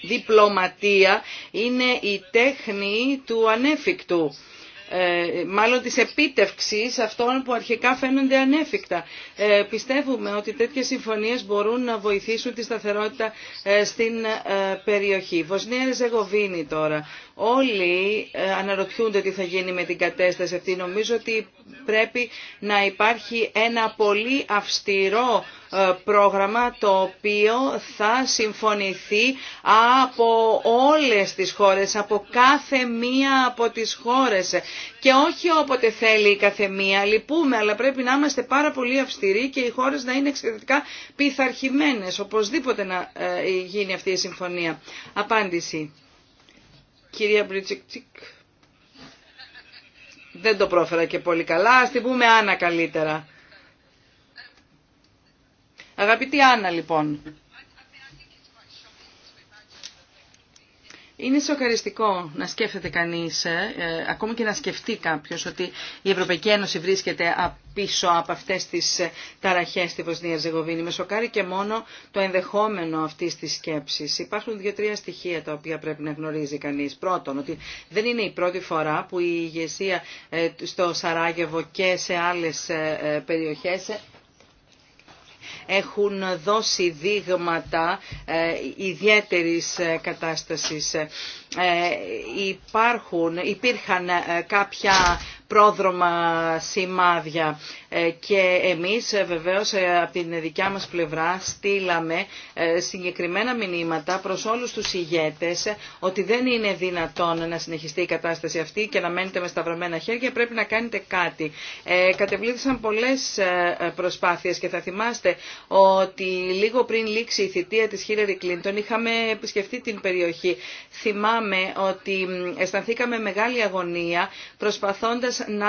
διπλωματία είναι η τέχνη του ανέφικτου. Ε, μάλλον της επίτευξης αυτών που αρχικά φαίνονται ανέφικτα. Ε, πιστεύουμε ότι τέτοιες συμφωνίες μπορούν να βοηθήσουν τη σταθερότητα ε, στην περιοχή. Βοσνία Ρεζεγοβίνη τώρα. Όλοι ε, αναρωτιούνται τι θα γίνει με την κατέσταση αυτή. Νομίζω ότι πρέπει να υπάρχει ένα πολύ αυστηρό ε, πρόγραμμα το οποίο θα συμφωνηθεί από όλες τις χώρες, από κάθε μία από τις χώρες και όχι όποτε θέλει η μία. Λυπούμε, αλλά πρέπει να είμαστε πάρα πολύ αυστηροί και οι χώρες να είναι εξαιρετικά πειθαρχημένες. Οπωσδήποτε να ε, γίνει αυτή η συμφωνία. Απάντηση. Κυρία Μπριτσικτσικ. Δεν το πρόφερα και πολύ καλά. Ας την πούμε Άννα καλύτερα. Αγαπητή Άννα λοιπόν. Είναι σοκαριστικό να σκέφτεται κανείς, ε, ε, ακόμη και να σκεφτεί κάποιος, ότι η Ευρωπαϊκή Ένωση βρίσκεται πίσω από αυτές τις ε, ταραχές στη Βοσνία Ζεγοβίνη. Με σοκάρει και μόνο το ενδεχόμενο αυτής της σκέψης. Υπάρχουν δύο-τρία στοιχεία τα οποία πρέπει να γνωρίζει κανείς. Πρώτον, ότι δεν είναι η πρώτη φορά που η ηγεσία ε, στο Σαράγεβο και σε άλλες περιοχές έχουν δώσει δείγματα ε, ιδιαίτερης ε, κατάστασης. Ε, υπάρχουν, υπήρχαν κάποια πρόδρομα σημάδια. Ε, και εμείς ε, βεβαίως ε, από την δικιά μας πλευρά στείλαμε συγκεκριμένα μηνύματα προς όλους τους ηγέτες ότι δεν είναι δυνατόν να συνεχιστεί η κατάσταση αυτή και να μένετε με σταυρωμένα χέρια, πρέπει να κάνετε κάτι. Κατεβλήθησαν πολλές προσπάθειες και θα θυμάστε ότι λίγο πριν λήξει η θητεία της Χίλερη Κλίντον είχαμε επισκεφτεί την περιοχή. Θυμάμαι ότι αισθανθήκαμε μεγάλη αγωνία προσπαθώντας να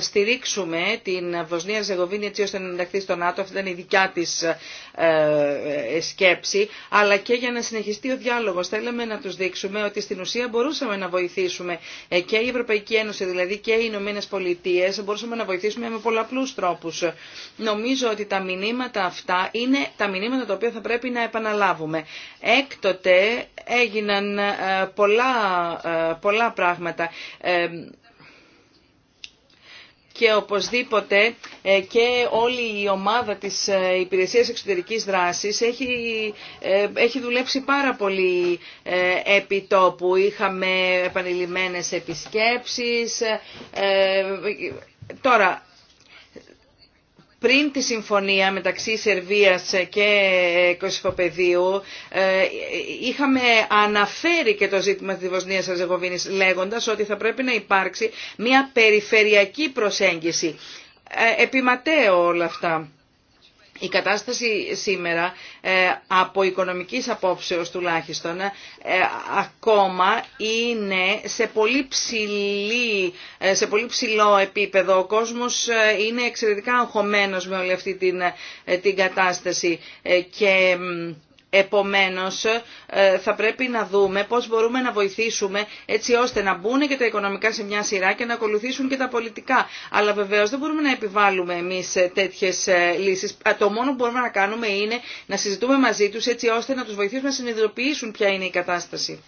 στηρίξουμε την Βοσνία Ζεγοβίνη έτσι ώστε να ενταχθεί στο ΝΑΤΟ, αυτή ήταν η δικιά της ε, ε, σκέψη, αλλά και για να συνεχιστεί ο διάλογο. Θέλαμε να του δείξουμε ότι στην ουσία μπορούσαμε να βοηθήσουμε ε, και η Ευρωπαϊκή Ένωση, δηλαδή και οι Ηνωμένε Πολιτείε, μπορούσαμε να βοηθήσουμε με πολλαπλού τρόπου. Νομίζω ότι τα μηνύματα αυτά είναι τα μηνύματα τα οποία θα πρέπει να επαναλάβουμε. Έκτοτε έγιναν πολλά, πολλά πράγματα και οπωσδήποτε ε, και όλη η ομάδα της ε, Υπηρεσίας Εξωτερικής Δράσης έχει, ε, έχει δουλέψει πάρα πολύ επί τόπου. Είχαμε επανειλημμένες επισκέψεις. Τώρα, πριν τη συμφωνία μεταξύ Σερβίας και Κωσυφοπεδίου ε, είχαμε αναφέρει και το ζήτημα της Βοσνίας Αζεγοβίνης λέγοντας ότι θα πρέπει να υπάρξει μια περιφερειακή προσέγγιση. Ε, επιματέω όλα αυτά. Η κατάσταση σήμερα ε, από οικονομικής απόψεως τουλάχιστον ε, ακόμα είναι σε πολύ, ε, σε πολύ ψηλό επίπεδο. Ο κόσμος είναι εξαιρετικά αγχωμένος με όλη αυτή την, την κατάσταση και Επομένως ε, θα πρέπει να δούμε πώς μπορούμε να βοηθήσουμε έτσι ώστε να μπουν και τα οικονομικά σε μια σειρά και να ακολουθήσουν και τα πολιτικά. Αλλά βεβαίως δεν μπορούμε να επιβάλλουμε εμείς ε, τέτοιες ε, λύσεις. Το μόνο που μπορούμε να κάνουμε είναι να συζητούμε μαζί τους έτσι ώστε να τους βοηθήσουμε να συνειδητοποιήσουν ποια είναι η κατάσταση.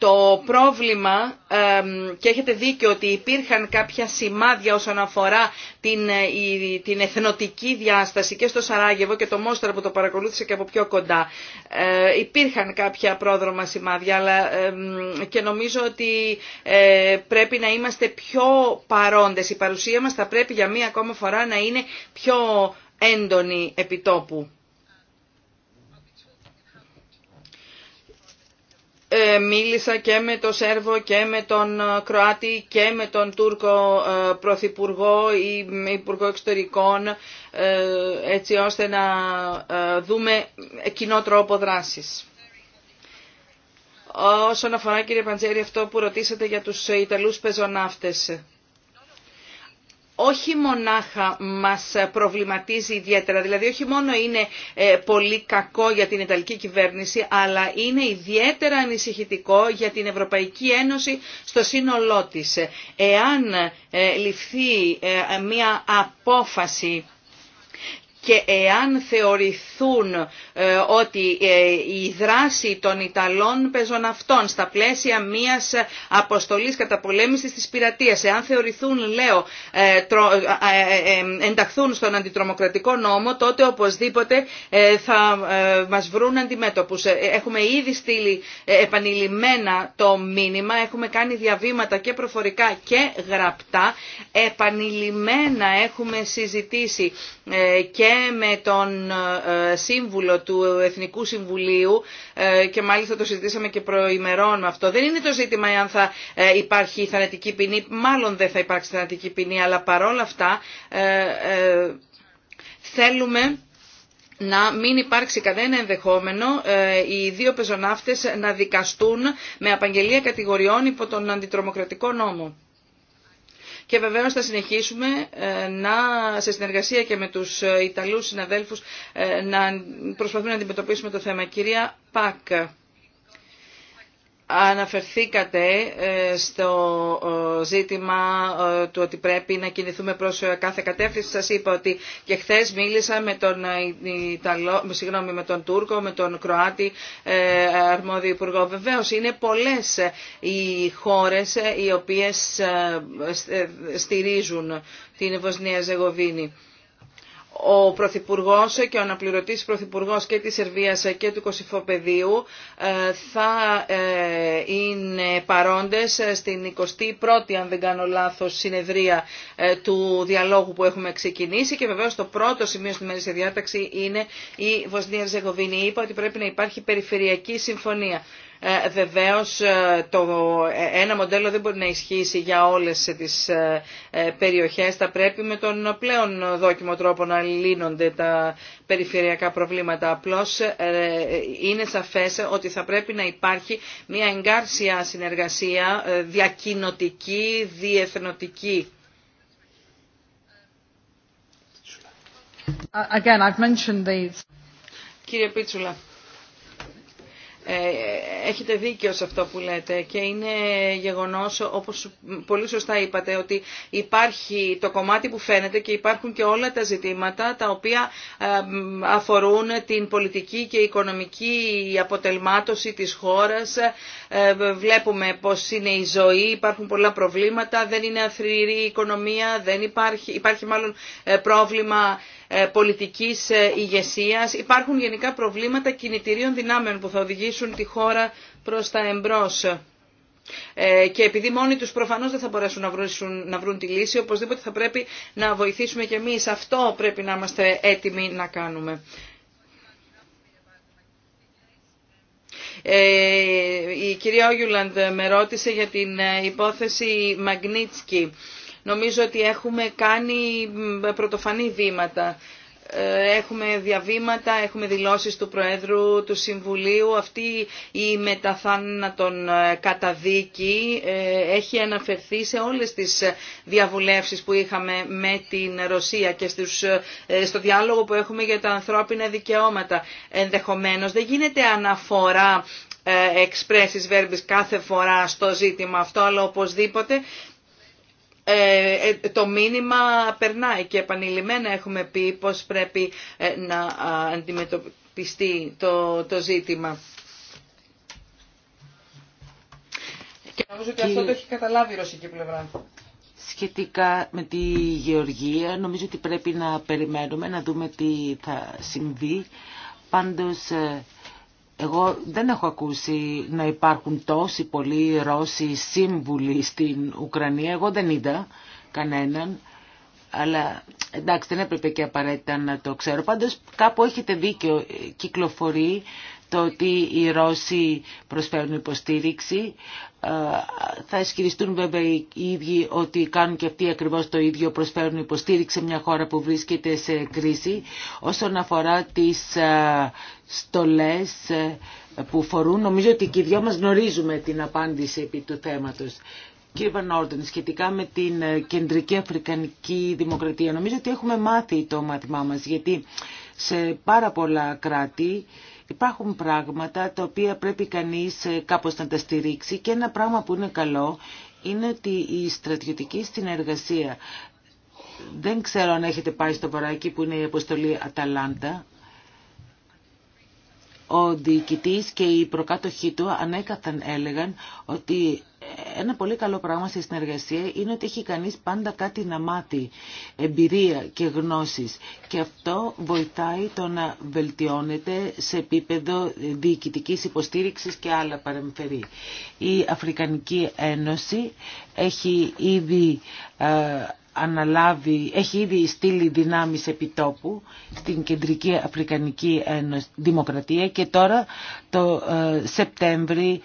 το πρόβλημα και έχετε δίκιο ότι υπήρχαν κάποια σημάδια όσον αφορά την, ε, την εθνοτική διάσταση και στο Σαράγεβο και το Μόστρα που το παρακολούθησε και από πιο κοντά. Ε, υπήρχαν κάποια πρόδρομα σημάδια αλλά, και νομίζω ότι ε, πρέπει να είμαστε πιο παρόντες. Η παρουσία μας θα πρέπει για μία ακόμα φορά να είναι πιο έντονη επιτόπου. Ε, μίλησα και με τον Σέρβο και με τον ε, Κροάτι και με τον Τούρκο ε, Πρωθυπουργό ή με Υπουργό Εξωτερικών έτσι ώστε να δούμε κοινό τρόπο δράσης. Όσον αφορά κύριε Παντζέρη αυτό που ρωτήσατε για τους Ιταλούς πεζοναύτες όχι μονάχα μας προβληματίζει ιδιαίτερα, δηλαδή όχι μόνο είναι ε, πολύ κακό για την Ιταλική κυβέρνηση, αλλά είναι ιδιαίτερα ανησυχητικό για την Ευρωπαϊκή Ένωση στο σύνολό της. Εάν ε, ληφθεί ε, μια απόφαση και εάν θεωρηθούν ε, ότι ε, η δράση των Ιταλών πεζοναυτών στα πλαίσια μιας αποστολής καταπολέμησης της πειρατείας, εάν θεωρηθούν, λέω, ε, ενταχθούν στον αντιτρομοκρατικό νόμο, τότε οπωσδήποτε θα μας βρουν αντιμέτωπους. Έχουμε ήδη στείλει επανειλημμένα το μήνυμα, έχουμε κάνει διαβήματα και προφορικά και γραπτά, επανειλημμένα έχουμε συζητήσει και με τον ε, σύμβουλο του Εθνικού Συμβουλίου ε, και μάλιστα το συζητήσαμε και προημερών με αυτό. Δεν είναι το ζήτημα αν θα ε, υπάρχει θανατική ποινή, μάλλον δεν θα υπάρξει θανατική ποινή, αλλά παρόλα αυτά θέλουμε να μην υπάρξει κανένα ενδεχόμενο οι δύο πεζοναύτες να δικαστούν με απαγγελία κατηγοριών υπό τον αντιτρομοκρατικό νόμο και βεβαίω θα συνεχίσουμε ε, να, σε συνεργασία και με τους ε, Ιταλούς συναδέλφους ε, να προσπαθούμε να αντιμετωπίσουμε το θέμα. Κυρία Πακ. Αναφερθήκατε ε, στο ε, ζήτημα ε, του ότι πρέπει να κινηθούμε προς κάθε κατεύθυνση. Σας είπα ότι και χθε μίλησα με τον, Ιταλό, συγγνώμη, με τον Τούρκο, με τον Κροάτη, αρμόδιο υπουργό. Βεβαίως είναι πολλές οι χώρες οι οποίες στηρίζουν την Βοσνία Ζεγοβίνη ο Πρωθυπουργό και ο αναπληρωτής Πρωθυπουργό και της Σερβίας και του Κωσυφοπεδίου ε, θα ε, είναι παρόντες ε, στην 21η, αν δεν κάνω λάθο συνεδρία του διαλόγου που έχουμε ξεκινήσει και βεβαίω το πρώτο σημείο στη μέρη σε διάταξη είναι η Βοσνία Ζεγοβίνη. Είπα ότι πρέπει να υπάρχει περιφερειακή συμφωνία. Ε, βεβαίως ε, το ε, ένα μοντέλο δεν μπορεί να ισχύσει για όλες τις περιοχές. Θα πρέπει με τον πλέον δόκιμο τρόπο να λύνονται τα περιφερειακά προβλήματα. Απλώς είναι σαφές ότι θα πρέπει να υπάρχει μια εγκάρσια συνεργασία διακοινοτική, διεθνοτική. Again, I've mentioned Κύριε Πίτσουλα. Ε, έχετε δίκιο σε αυτό που λέτε και είναι γεγονός όπως πολύ σωστά είπατε ότι υπάρχει το κομμάτι που φαίνεται και υπάρχουν και όλα τα ζητήματα τα οποία ε, αφορούν την πολιτική και οικονομική αποτελμάτωση της χώρας. Ε, βλέπουμε πώς είναι η ζωή, υπάρχουν πολλά προβλήματα, δεν είναι αθρηρή η οικονομία, δεν υπάρχει, υπάρχει μάλλον πρόβλημα ε, πολιτικής ε, ηγεσίας. Υπάρχουν γενικά προβλήματα κινητηρίων δυνάμεων που θα οδηγήσουν τη χώρα προς τα εμπρός. Ε, και επειδή μόνοι τους προφανώς δεν θα μπορέσουν να, βρουν, τη λύση, οπωσδήποτε θα πρέπει να βοηθήσουμε και εμείς. Αυτό πρέπει να είμαστε έτοιμοι να κάνουμε. Η κυρία Όγιουλαντ με ρώτησε για την υπόθεση Μαγνίτσκι. Νομίζω ότι έχουμε κάνει πρωτοφανή βήματα. Ε, έχουμε διαβήματα, έχουμε δηλώσεις του Προέδρου του Συμβουλίου. Αυτή η μεταθάνατον ε, καταδίκη ε, έχει αναφερθεί σε όλες τις διαβουλεύσεις που είχαμε με την Ρωσία και στους, στο διάλογο που έχουμε για τα ανθρώπινα δικαιώματα. Ενδεχομένως δεν γίνεται αναφορά εξπρέσεις βέρμπης κάθε φορά στο ζήτημα αυτό, αλλά οπωσδήποτε ε, ε, το μήνυμα περνάει και επανειλημμένα έχουμε πει πώς πρέπει ε, να αντιμετωπιστεί το, το ζήτημα. Και νομίζω ότι αυτό το έχει καταλάβει η ρωσική πλευρά. Σχετικά με τη Γεωργία, νομίζω ότι πρέπει να περιμένουμε να δούμε τι θα συμβεί. Πάντως, εγώ δεν έχω ακούσει να υπάρχουν τόσοι πολλοί Ρώσοι σύμβουλοι στην Ουκρανία. Εγώ δεν είδα κανέναν. Αλλά εντάξει δεν έπρεπε και απαραίτητα να το ξέρω. Πάντως κάπου έχετε δίκιο. Κυκλοφορεί το ότι οι Ρώσοι προσφέρουν υποστήριξη. Ε, θα ισχυριστούν βέβαια οι ίδιοι ότι κάνουν και αυτοί ακριβώς το ίδιο, προσφέρουν υποστήριξη σε μια χώρα που βρίσκεται σε κρίση. Όσον αφορά τις ε, στολές ε, που φορούν, νομίζω ότι και οι δυο μας γνωρίζουμε την απάντηση επί του θέματος. Κύριε Βανόρντεν, σχετικά με την κεντρική αφρικανική δημοκρατία, νομίζω ότι έχουμε μάθει το μάθημά μας, γιατί σε πάρα πολλά κράτη Υπάρχουν πράγματα τα οποία πρέπει κανείς ε, κάπως να τα στηρίξει και ένα πράγμα που είναι καλό είναι ότι η στρατιωτική συνεργασία δεν ξέρω αν έχετε πάει στο βαράκι που είναι η αποστολή Αταλάντα ο διοικητής και οι προκάτοχοί του ανέκαθαν έλεγαν ότι ένα πολύ καλό πράγμα στη συνεργασία είναι ότι έχει κανείς πάντα κάτι να μάθει, εμπειρία και γνώσεις και αυτό βοηθάει το να βελτιώνεται σε επίπεδο διοικητικής υποστήριξης και άλλα παρεμφερή. Η Αφρικανική Ένωση έχει ήδη ε, αναλάβει, έχει ήδη στείλει δυνάμεις επιτόπου στην Κεντρική Αφρικανική Δημοκρατία και τώρα το ε, Σεπτέμβρη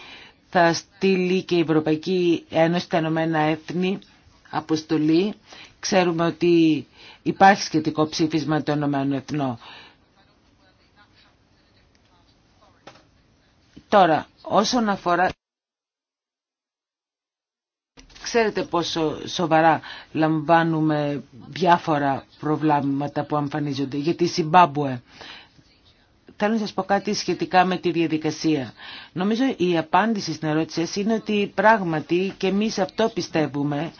θα στείλει και η Ευρωπαϊκή Ένωση τα Ηνωμένα Έθνη αποστολή. Ξέρουμε ότι υπάρχει σχετικό ψήφισμα των Ηνωμένων Εθνών. Τώρα, όσον αφορά... Ξέρετε πόσο σοβαρά λαμβάνουμε διάφορα προβλήματα που εμφανίζονται για τη Συμπάμπουε. Θέλω να σας πω κάτι σχετικά με τη διαδικασία. Νομίζω η απάντηση στην ερώτησή είναι ότι πράγματι και εμείς αυτό πιστεύουμε.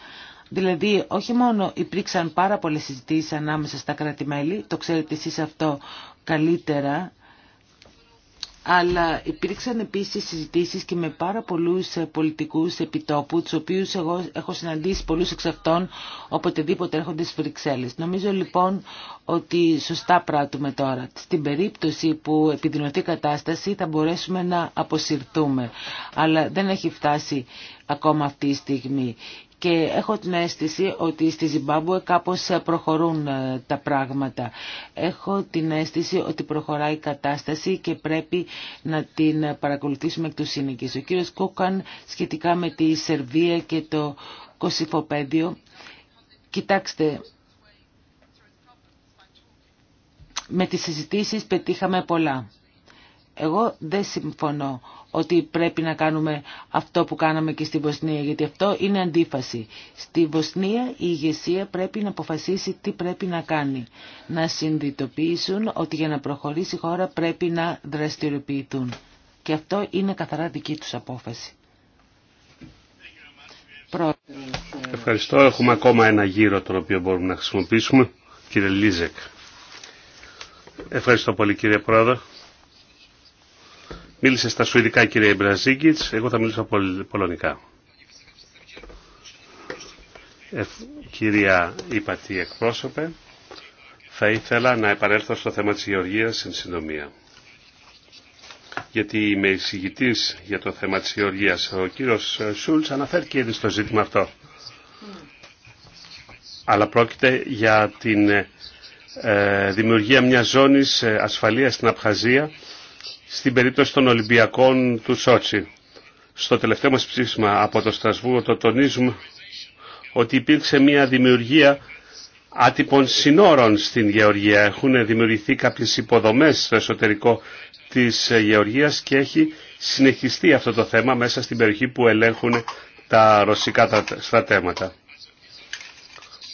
Δηλαδή, όχι μόνο υπήρξαν πάρα πολλές συζητήσεις ανάμεσα στα κράτη-μέλη, το ξέρετε εσείς αυτό καλύτερα, αλλά υπήρξαν επίσης συζητήσεις και με πάρα πολλούς ε, πολιτικούς επιτόπου, τους οποίους εγώ έχω συναντήσει πολλούς εξ αυτών οποτεδήποτε έρχονται στις Βρυξέλλες. Νομίζω λοιπόν ότι σωστά πράττουμε τώρα. Στην περίπτωση που επιδεινωθεί η κατάσταση θα μπορέσουμε να αποσυρθούμε, αλλά δεν έχει φτάσει ακόμα αυτή η στιγμή και έχω την αίσθηση ότι στη Ζιμπάμπουε κάπως προχωρούν ε, τα πράγματα. Έχω την αίσθηση ότι προχωράει η κατάσταση και πρέπει να την παρακολουθήσουμε εκ του σύνοικης. Ο κύριος Κούκαν σχετικά με τη Σερβία και το Κωσυφοπέδιο. Κοιτάξτε, με τις συζητήσεις πετύχαμε πολλά. Εγώ δεν συμφωνώ ότι πρέπει να κάνουμε αυτό που κάναμε και στη Βοσνία, γιατί αυτό είναι αντίφαση. Στη Βοσνία η ηγεσία πρέπει να αποφασίσει τι πρέπει να κάνει. Να συνειδητοποιήσουν ότι για να προχωρήσει η χώρα πρέπει να δραστηριοποιηθούν. Και αυτό είναι καθαρά δική τους απόφαση. Ευχαριστώ. Έχουμε ακόμα ένα γύρο τον οποίο μπορούμε να χρησιμοποιήσουμε. Κύριε Λίζεκ. Ευχαριστώ πολύ κύριε Πρόεδρε. Μίλησε στα σουηδικά κύριε Μπραζίγκητς, εγώ θα μιλήσω πολωνικά. Ε, κυρία Υπατή εκπρόσωπε, θα ήθελα να επανέλθω στο θέμα της γεωργίας εν συντομία. Γιατί είμαι εισηγητής για το θέμα της γεωργίας. Ο κύριος Σούλτς αναφέρει και στο ζήτημα αυτό. Αλλά πρόκειται για την ε, δημιουργία μιας ζώνης ε, ασφαλείας στην Απχαζία στην περίπτωση των Ολυμπιακών του Σότσι. Στο τελευταίο μας ψήφισμα από το Στρασβούργο το τονίζουμε ότι υπήρξε μια δημιουργία άτυπων συνόρων στην Γεωργία. Έχουν δημιουργηθεί κάποιες υποδομές στο εσωτερικό της Γεωργίας και έχει συνεχιστεί αυτό το θέμα μέσα στην περιοχή που ελέγχουν τα ρωσικά στρατέματα.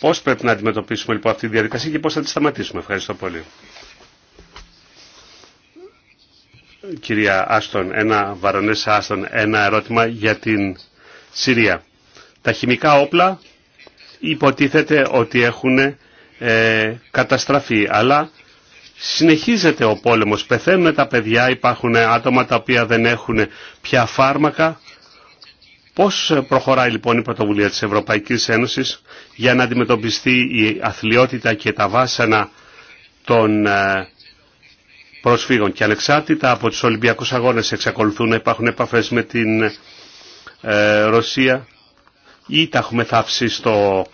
Πώς πρέπει να αντιμετωπίσουμε λοιπόν αυτή τη διαδικασία και πώς θα τη σταματήσουμε. Ευχαριστώ πολύ κυρία Άστον, ένα βαρονέσα Άστον, ένα ερώτημα για την Συρία. Τα χημικά όπλα υποτίθεται ότι έχουν ε, καταστραφεί, αλλά συνεχίζεται ο πόλεμος. Πεθαίνουν τα παιδιά, υπάρχουν άτομα τα οποία δεν έχουν πια φάρμακα. Πώς προχωράει λοιπόν η πρωτοβουλία της Ευρωπαϊκής Ένωσης για να αντιμετωπιστεί η αθλειότητα και τα βάσανα των ε, προσφύγων. Και ανεξάρτητα από τους Ολυμπιακούς Αγώνες εξακολουθούν να υπάρχουν επαφές με την ε, Ρωσία ή τα έχουμε θαύσει στο,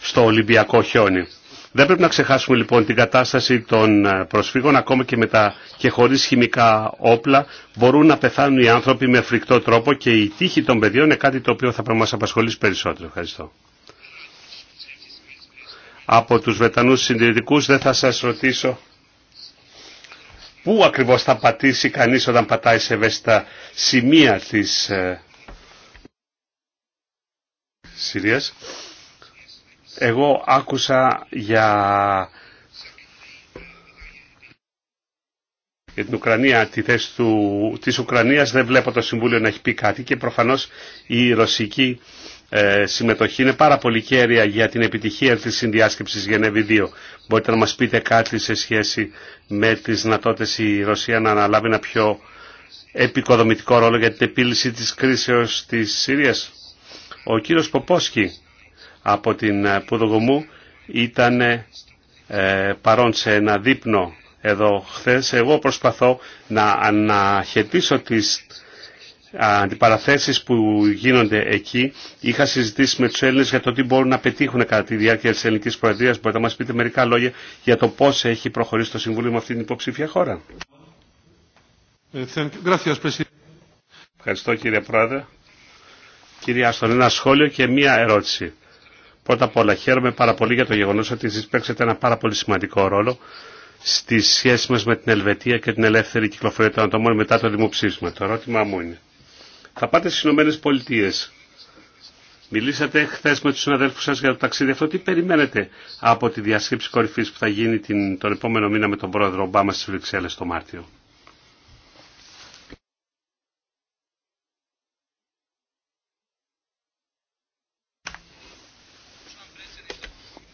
στο Ολυμπιακό χιόνι. Δεν πρέπει να ξεχάσουμε λοιπόν την κατάσταση των ε, προσφύγων, ακόμα και, με τα, και χωρίς χημικά όπλα μπορούν να πεθάνουν οι άνθρωποι με φρικτό τρόπο και η τύχη των παιδιών είναι κάτι το οποίο θα πρέπει να μας απασχολήσει περισσότερο. Ευχαριστώ. Από τους Βρετανούς συντηρητικούς δεν θα σας ρωτήσω πού ακριβώς θα πατήσει κανείς όταν πατάει σε ευαίσθητα σημεία της ε, Συρίας. Εγώ άκουσα για... την Ουκρανία, τη θέση του... της Ουκρανίας δεν βλέπω το Συμβούλιο να έχει πει κάτι και προφανώς η ρωσική ε, συμμετοχή είναι πάρα πολύ κέρια για την επιτυχία της συνδιάσκεψης Γενέβη 2. Μπορείτε να μας πείτε κάτι σε σχέση με τις δυνατότητε η Ρωσία να αναλάβει ένα πιο επικοδομητικό ρόλο για την επίλυση της κρίσεως της Συρίας. Ο κύριος Ποπόσκι από την ε, Πουδογομού ήταν ε, παρόν σε ένα δείπνο εδώ χθες. Εγώ προσπαθώ να αναχαιτήσω τις αντιπαραθέσεις που γίνονται εκεί. Είχα συζητήσει με τους Έλληνες για το τι μπορούν να πετύχουν κατά τη διάρκεια της ελληνικής προεδρίας. Μπορείτε να μας πείτε μερικά λόγια για το πώς έχει προχωρήσει το Συμβούλιο με αυτή την υποψήφια χώρα. Ε, Ευχαριστώ κύριε Πρόεδρε. Κύριε Άστον, ένα σχόλιο και μία ερώτηση. Πρώτα απ' όλα χαίρομαι πάρα πολύ για το γεγονός ότι εσείς παίξετε ένα πάρα πολύ σημαντικό ρόλο στη σχέση μας με την Ελβετία και την ελεύθερη κυκλοφορία των ατόμων μετά το δημοψήφισμα. Το ερώτημά μου είναι θα πάτε στις Ηνωμένες Πολιτείες. Μιλήσατε χθε με τους συναδέλφους σας για το ταξίδι αυτό. Τι περιμένετε από τη διασκέψη κορυφής που θα γίνει την, τον επόμενο μήνα με τον πρόεδρο Ομπάμα στις Βρυξέλλες το Μάρτιο.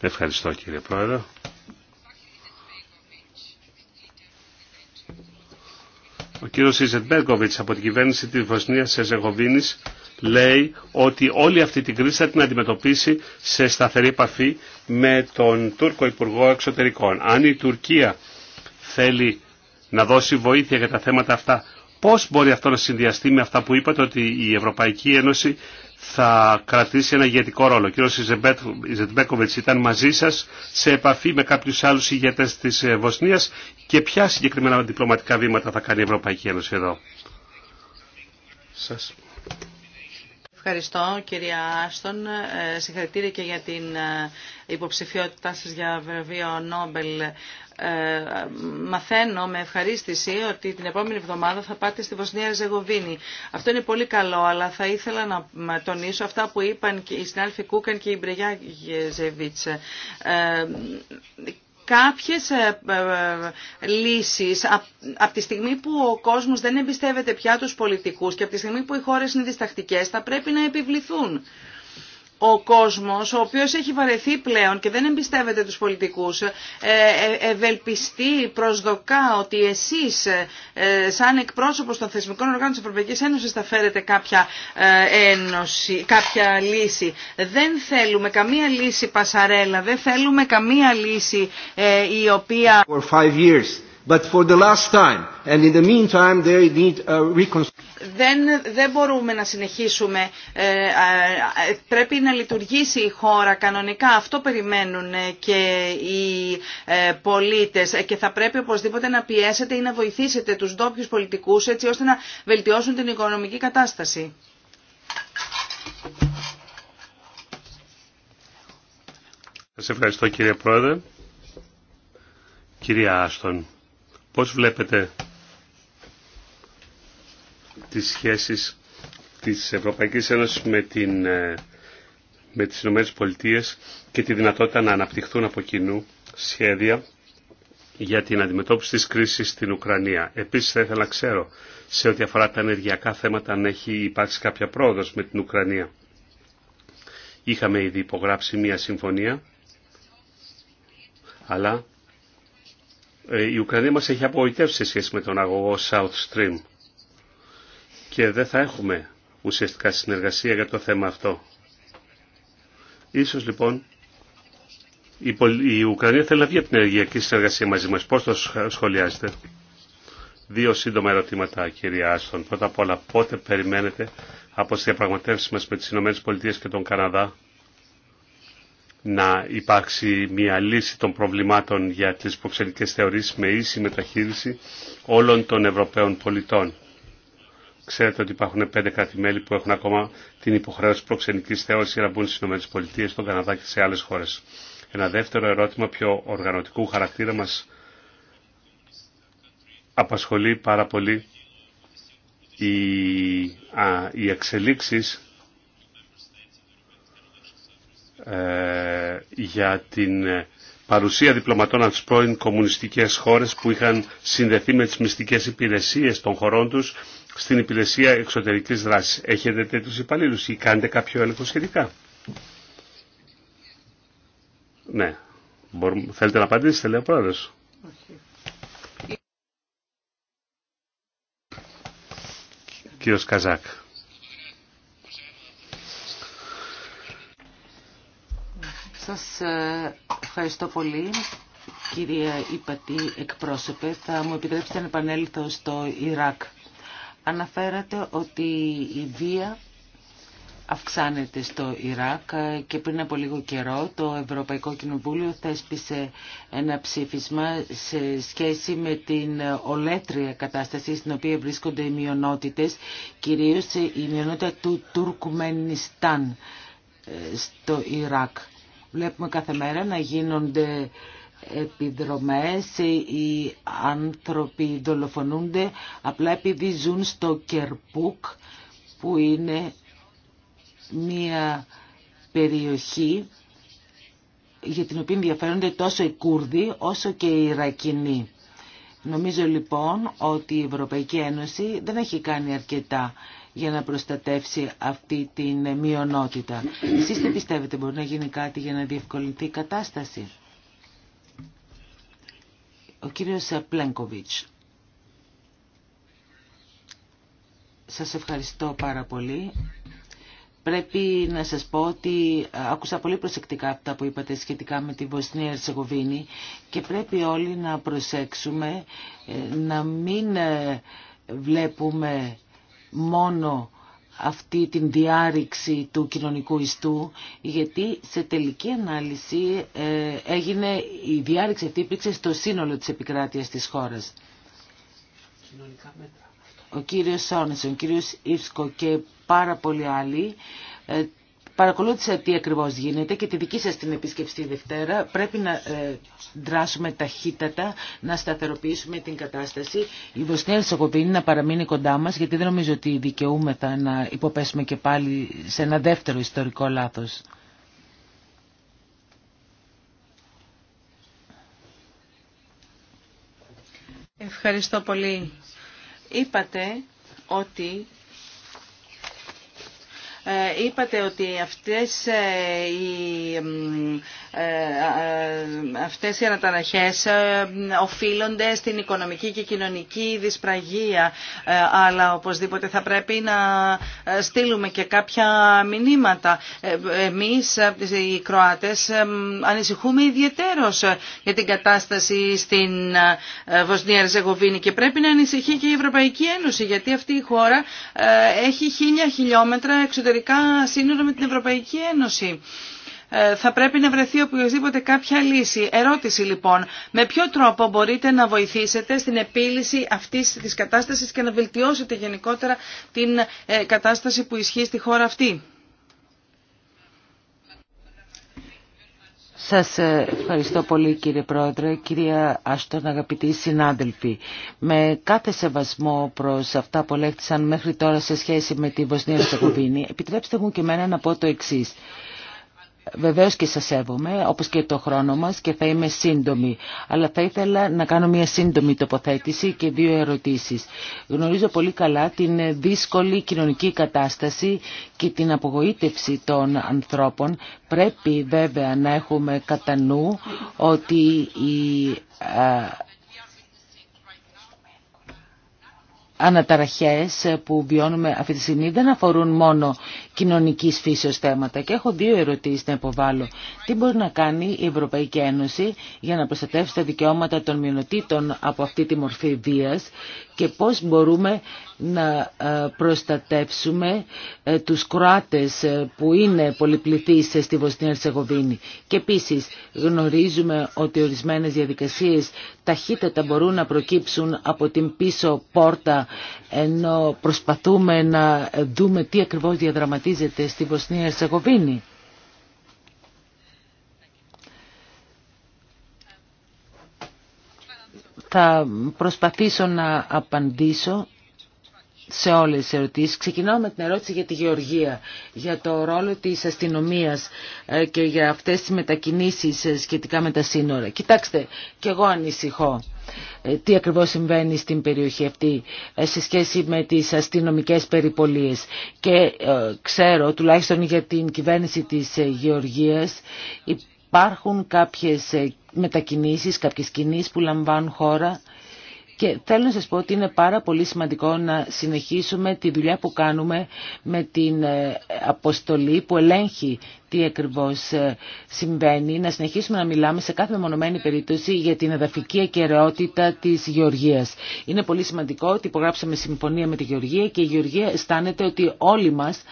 Ευχαριστώ κύριε Πρόεδρο. Ο κύριος Ιζετμπέργκοβιτς από την κυβέρνηση της Βοσνίας Εζεγοβίνης λέει ότι όλη αυτή την κρίση θα την αντιμετωπίσει σε σταθερή επαφή με τον Τούρκο Υπουργό Εξωτερικών. Αν η Τουρκία θέλει να δώσει βοήθεια για τα θέματα αυτά, πώς μπορεί αυτό να συνδυαστεί με αυτά που είπατε ότι η Ευρωπαϊκή Ένωση θα κρατήσει ένα ηγετικό ρόλο. Ο κύριος Ιζετμπέκοβιτς ήταν μαζί σας σε επαφή με κάποιους άλλους ηγέτες της ε, Βοσνίας και ποια συγκεκριμένα διπλωματικά βήματα θα κάνει η Ευρωπαϊκή Ένωση εδώ. Σας. Ευχαριστώ κυρία Άστον. Ε, συγχαρητήρια και για την ε, υποψηφιότητά σας για βραβείο Νόμπελ. Ε, μαθαίνω με ευχαρίστηση ότι την επόμενη εβδομάδα θα πάτε στη Βοσνία Ζεγοβίνη. Αυτό είναι πολύ καλό, αλλά θα ήθελα να τονίσω αυτά που είπαν και οι συνάδελφοι Κούκαν και η Μπρεγιά Γεζεβίτς ε, κάποιες ε, λύσεις από τη στιγμή που ο κόσμος δεν εμπιστεύεται πια τους πολιτικούς και από τη στιγμή που οι χώρες είναι διστακτικές θα πρέπει να επιβληθούν ο κόσμος, ο οποίος έχει βαρεθεί πλέον και δεν εμπιστεύεται τους πολιτικούς, ε, ε, ευελπιστεί, προσδοκά ότι εσείς ε, σαν εκπρόσωπος των θεσμικών οργάνων της Ευρωπαϊκής Ένωσης θα φέρετε κάποια, ένωση, κάποια λύση. Δεν θέλουμε καμία λύση πασαρέλα, δεν θέλουμε καμία λύση η οποία... years. time, meantime, δεν, δεν μπορούμε να συνεχίσουμε. Ε, ε, πρέπει να λειτουργήσει η χώρα κανονικά. Αυτό περιμένουν ε, και οι πολίτες και θα πρέπει οπωσδήποτε να πιέσετε ή να βοηθήσετε τους ντόπιου πολιτικούς έτσι ώστε να βελτιώσουν την οικονομική κατάσταση. Σας ευχαριστώ κύριε Πρόεδρε. Κυρία Άστον, πώς βλέπετε τις σχέσεις της Ευρωπαϊκής Ένωσης με, την, ε, με τις Ηνωμένες Πολιτείες και τη δυνατότητα να αναπτυχθούν από κοινού σχέδια για την αντιμετώπιση της κρίσης στην Ουκρανία. Επίσης θα ήθελα να ξέρω σε ό,τι αφορά τα ενεργειακά θέματα αν έχει υπάρξει κάποια πρόοδος με την Ουκρανία. Είχαμε ήδη υπογράψει μια συμφωνία, αλλά ε, η Ουκρανία μας έχει απογοητεύσει σε σχέση με τον αγωγό South Stream και δεν θα έχουμε ουσιαστικά συνεργασία για το θέμα αυτό. Ίσως λοιπόν η Ουκρανία θέλει να βγει από την ενεργειακή συνεργασία μαζί μας. Πώς το σχολιάζετε. Δύο σύντομα ερωτήματα κυρία Άστον. Πρώτα απ' όλα πότε περιμένετε από τις διαπραγματεύσεις μας με τις ΗΠΑ και τον Καναδά να υπάρξει μια λύση των προβλημάτων για τις προξενικές θεωρήσεις με ίση μεταχείριση όλων των Ευρωπαίων πολιτών. Ξέρετε ότι υπάρχουν πέντε κράτη-μέλη που έχουν ακόμα την υποχρέωση προξενική θεώρηση για να μπουν στι ΗΠΑ, στον Καναδά και σε άλλε χώρε. Ένα δεύτερο ερώτημα πιο οργανωτικού χαρακτήρα μα απασχολεί πάρα πολύ οι, α, οι ε, για την παρουσία διπλωματών από τις πρώην κομμουνιστικές χώρες που είχαν συνδεθεί με τι μυστικέ υπηρεσίε των χωρών του στην υπηρεσία εξωτερικής δράσης. Έχετε τέτοιους υπαλλήλους ή κάνετε κάποιο έλεγχο σχετικά. Ναι. θέλετε να απαντήσετε, λέει ο πρόεδρος. Κύριος Καζάκ. Σας ε, ευχαριστώ πολύ. Κυρία Υπατή, εκπρόσωπε, θα μου επιτρέψετε να επανέλθω στο Ιράκ αναφέρατε ότι η βία αυξάνεται στο Ιράκ και πριν από λίγο καιρό το Ευρωπαϊκό Κοινοβούλιο θέσπισε ένα ψήφισμα σε σχέση με την ολέτρια κατάσταση στην οποία βρίσκονται οι μειονότητες, κυρίως η μειονότητα του Τουρκουμενιστάν ε, στο Ιράκ. Βλέπουμε κάθε μέρα να γίνονται επιδρομές, οι άνθρωποι δολοφονούνται απλά επειδή ζουν στο Κερπούκ που είναι μια περιοχή για την οποία ενδιαφέρονται τόσο οι Κούρδοι όσο και οι Ιρακινοί. Νομίζω λοιπόν ότι η Ευρωπαϊκή Ένωση δεν έχει κάνει αρκετά για να προστατεύσει αυτή την μειονότητα. Εσείς τι πιστεύετε μπορεί να γίνει κάτι για να διευκολυνθεί η κατάσταση. Ο κύριος Πλένκοβιτς. Σας ευχαριστώ πάρα πολύ. Πρέπει να σας πω ότι ε, άκουσα πολύ προσεκτικά αυτά που είπατε σχετικά με τη Βοσνία Ερσεγοβίνη και πρέπει όλοι να προσέξουμε ε, να μην ε, βλέπουμε μόνο αυτή την διάρρηξη του κοινωνικού ιστού, γιατί σε τελική ανάλυση ε, έγινε η διάρρηξη αυτή υπήρξε στο σύνολο της επικράτειας της χώρας. Ο κύριος Σόνεσον, ο κύριος Ιψκο και πάρα πολλοί άλλοι ε, παρακολούθησα τι ακριβώς γίνεται και τη δική σας την επίσκεψη τη Δευτέρα. Πρέπει να ε, δράσουμε ταχύτατα, να σταθεροποιήσουμε την κατάσταση. Η Βοσνία Ερσοκοπίνη να παραμείνει κοντά μας, γιατί δεν νομίζω ότι δικαιούμεθα να υποπέσουμε και πάλι σε ένα δεύτερο ιστορικό λάθος. Ευχαριστώ πολύ. Είπατε ότι ε, είπατε ότι αυτές ε, οι, ε, αυτές οι αναταραχές οφείλονται στην οικονομική και κοινωνική δυσπραγία, αλλά οπωσδήποτε θα πρέπει να στείλουμε και κάποια μηνύματα. Εμείς, οι Κροάτες, ανησυχούμε ιδιαίτερως για την κατάσταση στην Βοσνία Ριζεγοβίνη και πρέπει να ανησυχεί και η Ευρωπαϊκή Ένωση, γιατί αυτή η χώρα έχει χίλια χιλιόμετρα εξωτερικών εξωτερικά σύνορα με την Ευρωπαϊκή Ένωση. Ε, θα πρέπει να βρεθεί οποιοδήποτε κάποια λύση. Ερώτηση λοιπόν, με ποιο τρόπο μπορείτε να βοηθήσετε στην επίλυση αυτής της κατάστασης και να βελτιώσετε γενικότερα την ε, κατάσταση που ισχύει στη χώρα αυτή. Σας ε, ευχαριστώ πολύ κύριε Πρόεδρε, κυρία Άστον, αγαπητοί συνάδελφοι. Με κάθε σεβασμό προς αυτά που λέχτησαν μέχρι τώρα σε σχέση με τη Βοσνία Ερσεγοβίνη, επιτρέψτε μου και εμένα να πω το εξής. Βεβαίως και σας σέβομαι, όπως και το χρόνο μας και θα είμαι σύντομη. Αλλά θα ήθελα να κάνω μια σύντομη τοποθέτηση και δύο ερωτήσεις. Γνωρίζω πολύ καλά την δύσκολη κοινωνική κατάσταση και την απογοήτευση των ανθρώπων. Πρέπει βέβαια να έχουμε κατά νου ότι η αναταραχές που βιώνουμε αυτή τη στιγμή δεν αφορούν μόνο κοινωνικής φύσεως θέματα και έχω δύο ερωτήσεις να υποβάλω. Τι μπορεί να κάνει η Ευρωπαϊκή Ένωση για να προστατεύσει τα δικαιώματα των μειονοτήτων από αυτή τη μορφή βίας και πώς μπορούμε να ε, προστατεύσουμε ε, τους Κροάτες ε, που είναι πολυπληθείς στη Βοσνία Ερσεγοβίνη. Και επίσης γνωρίζουμε ότι ορισμένες διαδικασίες ταχύτατα μπορούν να προκύψουν από την πίσω πόρτα ενώ προσπαθούμε να δούμε τι ακριβώς διαδραματίζεται στη Βοσνία Ερσεγοβίνη. Θα προσπαθήσω να απαντήσω σε όλες τις ερωτήσεις. Ξεκινάω με την ερώτηση για τη Γεωργία, για το ρόλο της αστυνομίας ε, και για αυτές τις μετακινήσεις ε, σχετικά με τα σύνορα. Κοιτάξτε, και εγώ ανησυχώ ε, τι ακριβώς συμβαίνει στην περιοχή αυτή σε σχέση με τις αστυνομικές περιπολίες. Και ξέρω, τουλάχιστον για την κυβέρνηση της Γεωργίας, υπάρχουν κάποιες ε, μετακινήσεις, κάποιες κινήσεις που λαμβάνουν χώρα και θέλω να σας πω ότι είναι πάρα πολύ σημαντικό να συνεχίσουμε τη δουλειά που κάνουμε με την ε, αποστολή που ελέγχει τι ακριβώς ε, συμβαίνει, να συνεχίσουμε να μιλάμε σε κάθε μονομένη περίπτωση για την εδαφική ακαιρεότητα της Γεωργίας. Είναι πολύ σημαντικό ότι υπογράψαμε συμφωνία με τη Γεωργία και η Γεωργία αισθάνεται ότι όλοι μας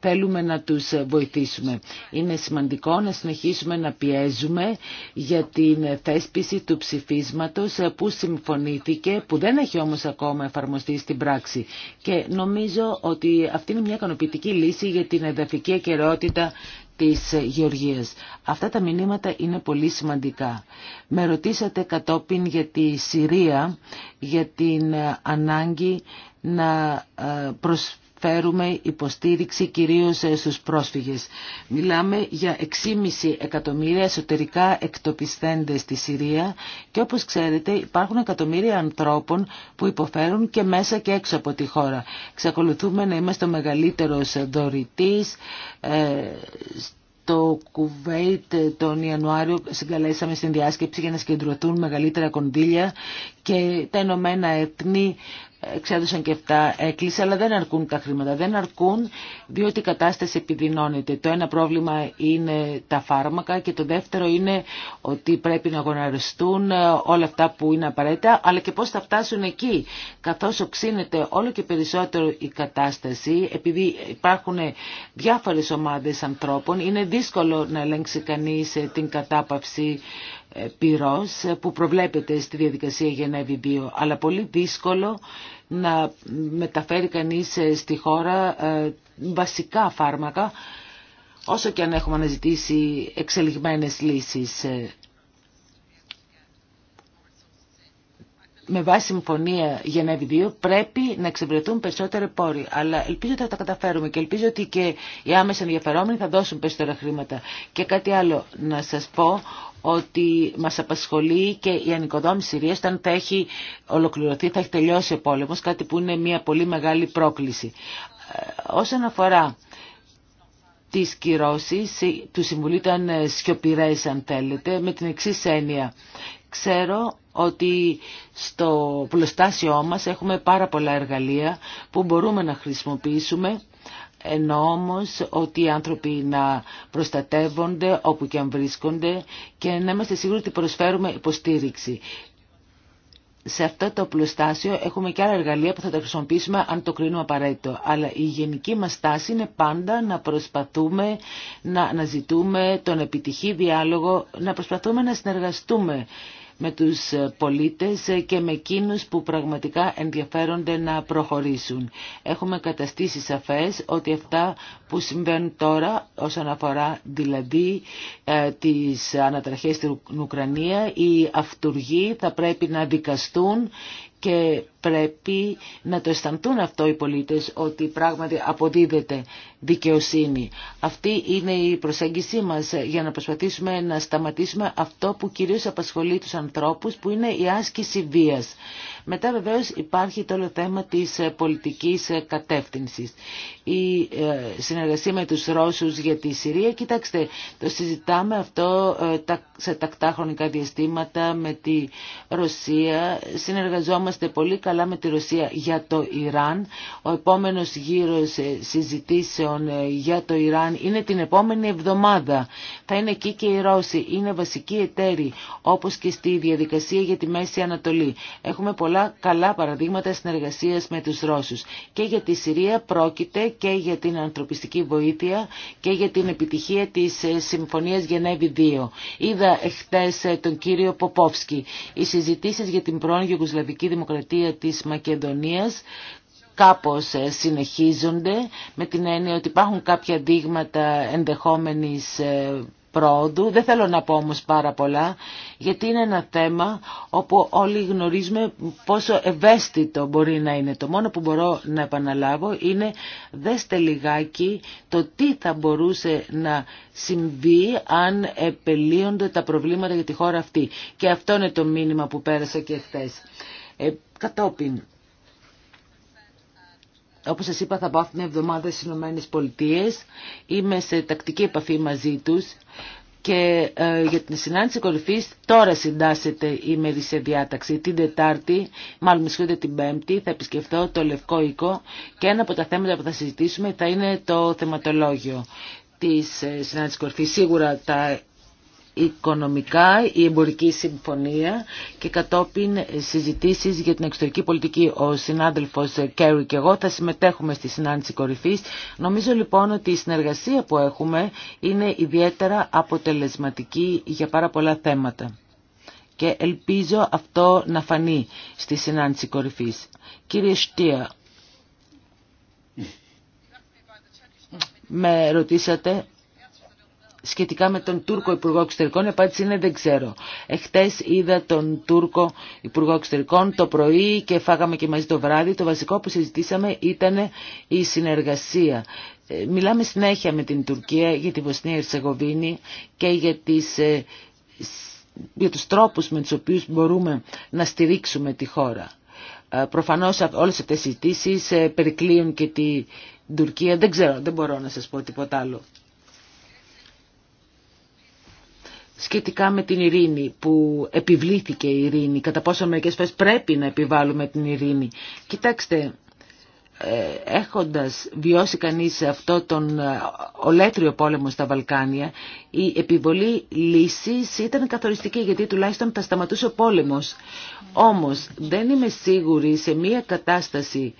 θέλουμε να τους βοηθήσουμε. Είναι σημαντικό να συνεχίσουμε να πιέζουμε για την θέσπιση του ψηφίσματος που συμφωνήθηκε, που δεν έχει όμως ακόμα εφαρμοστεί στην πράξη. Και νομίζω ότι αυτή είναι μια ικανοποιητική λύση για την εδαφική ακαιρεότητα της Γεωργίας. Αυτά τα μηνύματα είναι πολύ σημαντικά. Με ρωτήσατε κατόπιν για τη Συρία, για την ανάγκη να ε, προσφέρουμε φέρουμε υποστήριξη κυρίως ε, στους πρόσφυγες. Μιλάμε για 6,5 εκατομμύρια εσωτερικά εκτοπιστέντες στη Συρία και όπως ξέρετε υπάρχουν εκατομμύρια ανθρώπων που υποφέρουν και μέσα και έξω από τη χώρα. Ξακολουθούμε να είμαστε ο μεγαλύτερος δωρητής ε, το Κουβέιτ τον Ιανουάριο συγκαλέσαμε στην διάσκεψη για να συγκεντρωθούν μεγαλύτερα κονδύλια και τα Ενωμένα Έθνη εξέδωσαν και αυτά έκκληση, αλλά δεν αρκούν τα χρήματα. Δεν αρκούν διότι η κατάσταση επιδεινώνεται. Το ένα πρόβλημα είναι τα φάρμακα και το δεύτερο είναι ότι πρέπει να γοναριστούν όλα αυτά που είναι απαραίτητα, αλλά και πώς θα φτάσουν εκεί. Καθώς οξύνεται όλο και περισσότερο η κατάσταση, επειδή υπάρχουν διάφορες ομάδες ανθρώπων, είναι δύσκολο να ελέγξει κανείς την κατάπαυση πυρός που προβλέπεται στη διαδικασία Γενέβη 2, αλλά πολύ δύσκολο να μεταφέρει κανείς ε, στη χώρα ε, βασικά φάρμακα, όσο και αν έχουμε αναζητήσει εξελιγμένες λύσεις. Ε, με βάση συμφωνία Γενέβη 2 πρέπει να εξευρεθούν περισσότερα πόροι. Αλλά ελπίζω ότι θα τα καταφέρουμε και ελπίζω ότι και οι άμεσα ενδιαφερόμενοι θα δώσουν περισσότερα χρήματα. Και κάτι άλλο να σας πω ότι μας απασχολεί και η ανοικοδόμηση Συρίας όταν θα έχει ολοκληρωθεί, θα έχει τελειώσει ο πόλεμος, κάτι που είναι μια πολύ μεγάλη πρόκληση. Ε, όσον αφορά τις κυρώσεις, του Συμβουλίου ήταν ε, σιωπηρές αν θέλετε, με την εξή έννοια. Ξέρω ότι στο πλωστάσιό μας έχουμε πάρα πολλά εργαλεία που μπορούμε να χρησιμοποιήσουμε ενώ όμω ότι οι άνθρωποι να προστατεύονται όπου και αν βρίσκονται και να είμαστε σίγουροι ότι προσφέρουμε υποστήριξη. Σε αυτό το πλουστάσιο έχουμε και άλλα εργαλεία που θα τα χρησιμοποιήσουμε αν το κρίνουμε απαραίτητο. Αλλά η γενική μας στάση είναι πάντα να προσπαθούμε να ζητούμε τον επιτυχή διάλογο, να προσπαθούμε να συνεργαστούμε με τους πολίτες και με εκείνους που πραγματικά ενδιαφέρονται να προχωρήσουν. Έχουμε καταστήσει σαφές ότι αυτά που συμβαίνουν τώρα όσον αφορά δηλαδή της ε, τις ανατραχές στην Ουκρανία, οι αυτούργοι θα πρέπει να δικαστούν, και πρέπει να το αισθανθούν αυτό οι πολίτες ότι πράγματι αποδίδεται δικαιοσύνη. Αυτή είναι η προσέγγιση μας για να προσπαθήσουμε να σταματήσουμε αυτό που κυρίως απασχολεί τους ανθρώπους που είναι η άσκηση βίας. Μετά βεβαίως υπάρχει το θέμα της ε, πολιτικής ε, κατεύθυνσης. Η ε, συνεργασία με τους Ρώσους για τη Συρία, κοιτάξτε, το συζητάμε αυτό σε τακτά χρονικά διαστήματα με τη Ρωσία. Συνεργαζόμαστε πολύ καλά με τη Ρωσία για το Ιράν. Ο επόμενος γύρος συζητήσεων για το Ιράν είναι την επόμενη εβδομάδα. Θα είναι εκεί και οι Ρώσοι. Είναι βασικοί εταίροι, όπως και στη διαδικασία για τη Μέση Ανατολή. Έχουμε πολλά καλά παραδείγματα συνεργασίας με τους Ρώσους. Και για τη Συρία πρόκειται και για την ανθρωπιστική βοήθεια και για την επιτυχία της ε, Συμφωνίας Γενέβη 2. Είδα χτες ε, τον κύριο Ποπόφσκι. Οι συζητήσεις για την πρώην Γιουγκοσλαβική Δημοκρατία της Μακεδονίας κάπως ε, συνεχίζονται με την έννοια ότι υπάρχουν κάποια δείγματα ενδεχόμενης πρόοδου. Δεν θέλω να πω όμως πάρα πολλά, γιατί είναι ένα θέμα όπου όλοι γνωρίζουμε πόσο ευαίσθητο μπορεί να είναι. Το μόνο που μπορώ να επαναλάβω είναι δέστε λιγάκι το τι θα μπορούσε να συμβεί αν επελύονται τα προβλήματα για τη χώρα αυτή. Και αυτό είναι το μήνυμα που πέρασα και χθε. Ε, κατόπιν, όπως σας είπα θα πάω αυτήν την εβδομάδα στις Ηνωμένες Πολιτείες. Είμαι σε τακτική επαφή μαζί τους και ε, για την συνάντηση κορυφή τώρα συντάσσεται η σε διάταξη. Την Τετάρτη, μάλλον μισχύονται την Πέμπτη, θα επισκεφτώ το Λευκό Οίκο και ένα από τα θέματα που θα συζητήσουμε θα είναι το θεματολόγιο της ε, συνάντησης κορυφή. Σίγουρα τα οικονομικά η εμπορική συμφωνία και κατόπιν συζητήσεις για την εξωτερική πολιτική. Ο συνάδελφος Κέρι και εγώ θα συμμετέχουμε στη συνάντηση κορυφής. Νομίζω λοιπόν ότι η συνεργασία που έχουμε είναι ιδιαίτερα αποτελεσματική για πάρα πολλά θέματα. Και ελπίζω αυτό να φανεί στη συνάντηση κορυφής. Κύριε Στία, με ρωτήσατε σχετικά με τον Τούρκο Υπουργό Εξωτερικών. η απάντηση είναι δεν ξέρω. Εχθές είδα τον Τούρκο Υπουργό Εξωτερικών το πρωί και φάγαμε και μαζί το βράδυ. Το βασικό που συζητήσαμε ήταν η συνεργασία. Ε, μιλάμε συνέχεια με την Τουρκία για τη Βοσνία Ερσεγοβίνη και για τις ε, για τους τρόπους με τους οποίους μπορούμε να στηρίξουμε τη χώρα. Ε, προφανώς όλες αυτές οι συζητήσεις περικλείουν και την Τουρκία. Δεν ξέρω, δεν μπορώ να σας πω τίποτα άλλο. σχετικά με την ειρήνη που επιβλήθηκε η ειρήνη, κατά πόσο μερικές φορές πρέπει να επιβάλλουμε την ειρήνη. Κοιτάξτε, ε, έχοντας βιώσει κανείς αυτό τον ε, ολέτριο πόλεμο στα Βαλκάνια, η επιβολή λύσης ήταν καθοριστική γιατί τουλάχιστον θα σταματούσε ο πόλεμος. Όμως δεν είμαι σίγουρη σε μια κατάσταση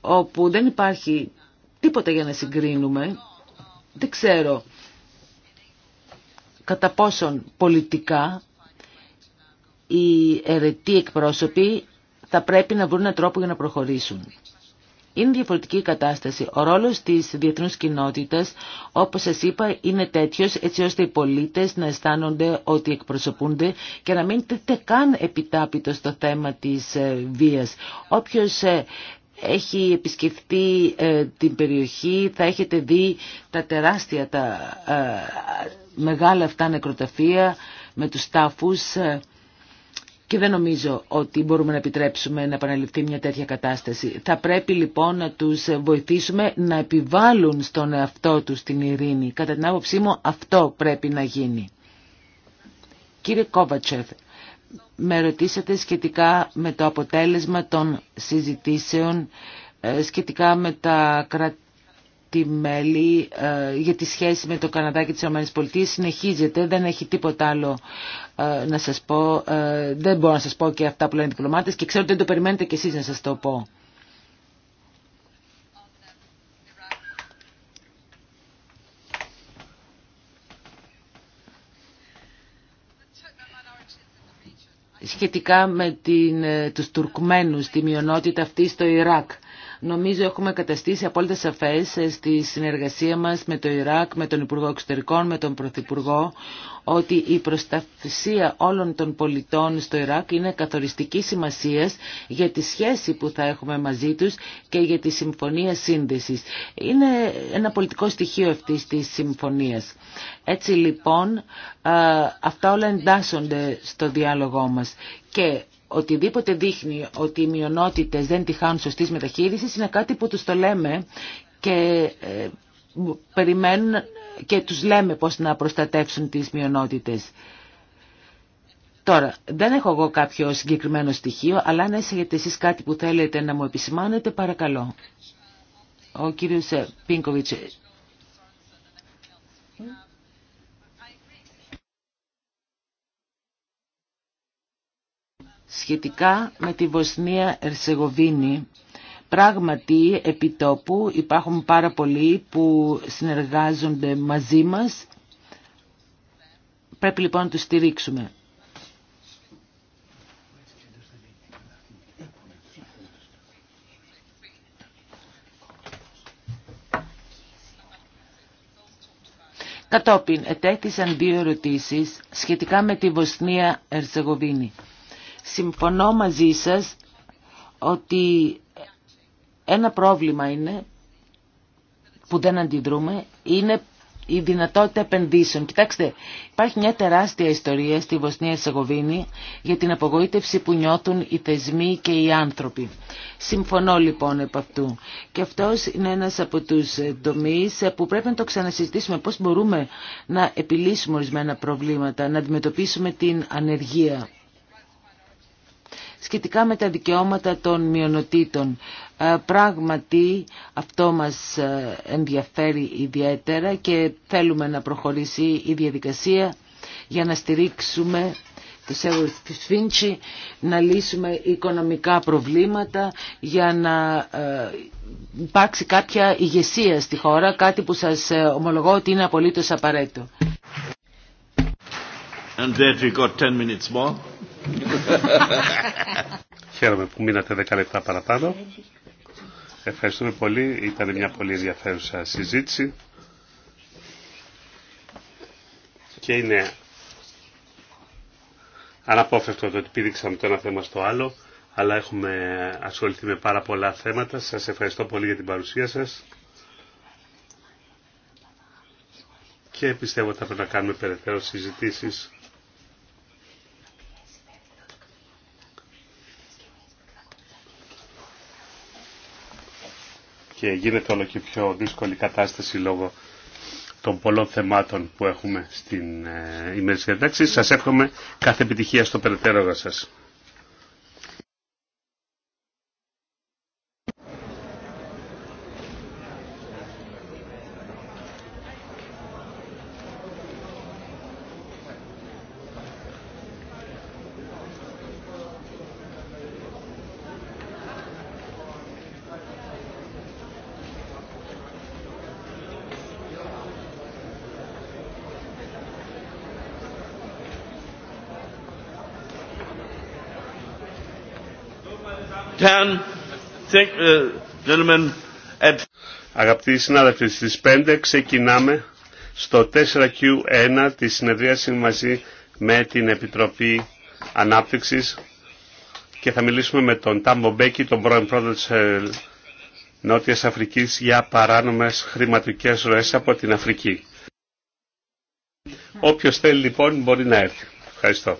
όπου δεν υπάρχει τίποτα για να συγκρίνουμε, δεν ξέρω κατά πόσον πολιτικά οι αιρετοί εκπρόσωποι θα πρέπει να βρουν έναν τρόπο για να προχωρήσουν. Είναι διαφορετική η κατάσταση. Ο ρόλος της διεθνούς κοινότητας, όπως σας είπα, είναι τέτοιος έτσι ώστε οι πολίτες να αισθάνονται ότι εκπροσωπούνται και να μην τίθεται καν επιτάπητο στο θέμα της ε, βίας. Όποιος ε, έχει επισκεφτεί ε, την περιοχή, θα έχετε δει τα τεράστια, τα ε, μεγάλα αυτά νεκροταφεία με τους τάφους ε, και δεν νομίζω ότι μπορούμε να επιτρέψουμε να επαναληφθεί μια τέτοια κατάσταση. Θα πρέπει λοιπόν να τους βοηθήσουμε να επιβάλλουν στον εαυτό τους την ειρήνη. Κατά την άποψή μου αυτό πρέπει να γίνει. Κύριε Κόβατσεφ, με ρωτήσατε σχετικά με το αποτέλεσμα των συζητήσεων, ε, σχετικά με τα κράτη-μέλη ε, για τη σχέση με το Καναδά και τις ΗΠΑ. Συνεχίζεται, δεν έχει τίποτα άλλο ε, να σας πω. Δεν μπορώ να σας πω και αυτά που λένε οι διπλωμάτες και ξέρω ότι δεν το περιμένετε και εσείς να σας το πω. σχετικά με την, ε, τους Τουρκμένους, τη μειονότητα αυτή στο Ιράκ. Νομίζω έχουμε καταστήσει απόλυτα σαφές ε, στη συνεργασία μας με το Ιράκ, με τον Υπουργό Εξωτερικών, με τον Πρωθυπουργό, ότι η προστασία όλων των πολιτών στο Ιράκ είναι καθοριστική σημασίας για τη σχέση που θα έχουμε μαζί τους και για τη συμφωνία σύνδεσης. Είναι ένα πολιτικό στοιχείο αυτή της συμφωνίας. Έτσι λοιπόν αυτά όλα εντάσσονται στο διάλογό μας και οτιδήποτε δείχνει ότι οι μειονότητες δεν τυχάνουν σωστή σωστής μεταχείρισης είναι κάτι που τους το λέμε και ε, περιμένουν και τους λέμε πώς να προστατεύσουν τις μειονότητες. Τώρα, δεν έχω εγώ κάποιο συγκεκριμένο στοιχείο, αλλά αν έχετε εσείς κάτι που θέλετε να μου επισημάνετε, παρακαλώ. Ο κύριος Πίνκοβιτς, σχετικά με τη Βοσνία Ερσεγοβίνη. Πράγματι, επί τόπου υπάρχουν πάρα πολλοί που συνεργάζονται μαζί μας. Πρέπει λοιπόν να τους στηρίξουμε. Κατόπιν ετέθησαν δύο ερωτήσεις σχετικά με τη Βοσνία Ερσεγοβίνη. Συμφωνώ μαζί σας ότι ένα πρόβλημα είναι που δεν αντιδρούμε είναι η δυνατότητα επενδύσεων. Κοιτάξτε, υπάρχει μια τεράστια ιστορία στη Βοσνία Σεγοβίνη για την απογοήτευση που νιώθουν οι θεσμοί και οι άνθρωποι. Συμφωνώ λοιπόν επ' αυτού. Και αυτός είναι ένας από τους τομείς που πρέπει να το ξανασυζητήσουμε πώς μπορούμε να επιλύσουμε ορισμένα προβλήματα, να αντιμετωπίσουμε την ανεργία σχετικά με τα δικαιώματα των μειονοτήτων. Ε, πράγματι αυτό μας ε, ενδιαφέρει ιδιαίτερα και θέλουμε να προχωρήσει η διαδικασία για να στηρίξουμε του Φίντσι, να λύσουμε οικονομικά προβλήματα για να ε, υπάρξει κάποια ηγεσία στη χώρα, κάτι που σας ομολογώ ότι είναι απολύτως απαραίτητο. 10 minutes Χαίρομαι που μείνατε 10 λεπτά παραπάνω. Ευχαριστούμε πολύ. Ήταν μια πολύ ενδιαφέρουσα συζήτηση. Και είναι αναπόφευκτο το ότι πήδηξαμε το ένα θέμα στο άλλο, αλλά έχουμε ασχοληθεί με πάρα πολλά θέματα. Σας ευχαριστώ πολύ για την παρουσία σας. Και πιστεύω ότι θα πρέπει να κάνουμε περαιτέρω συζητήσεις και γίνεται όλο και πιο δύσκολη κατάσταση λόγω των πολλών θεμάτων που έχουμε στην ε, ημερησία. σας εύχομαι κάθε επιτυχία στο περαιτέρω σας. Äh, Αγαπητοί συνάδελφοι, στις 5 ξεκινάμε στο 4Q1 τη συνεδρίαση μαζί με την Επιτροπή Ανάπτυξης και θα μιλήσουμε με τον Τάμπο Μπέκη, τον πρώην πρόεδρο τη ε, Νότιας Αφρικής για παράνομες χρηματικές ροές από την Αφρική. Όποιος θέλει λοιπόν μπορεί να έρθει. Ευχαριστώ.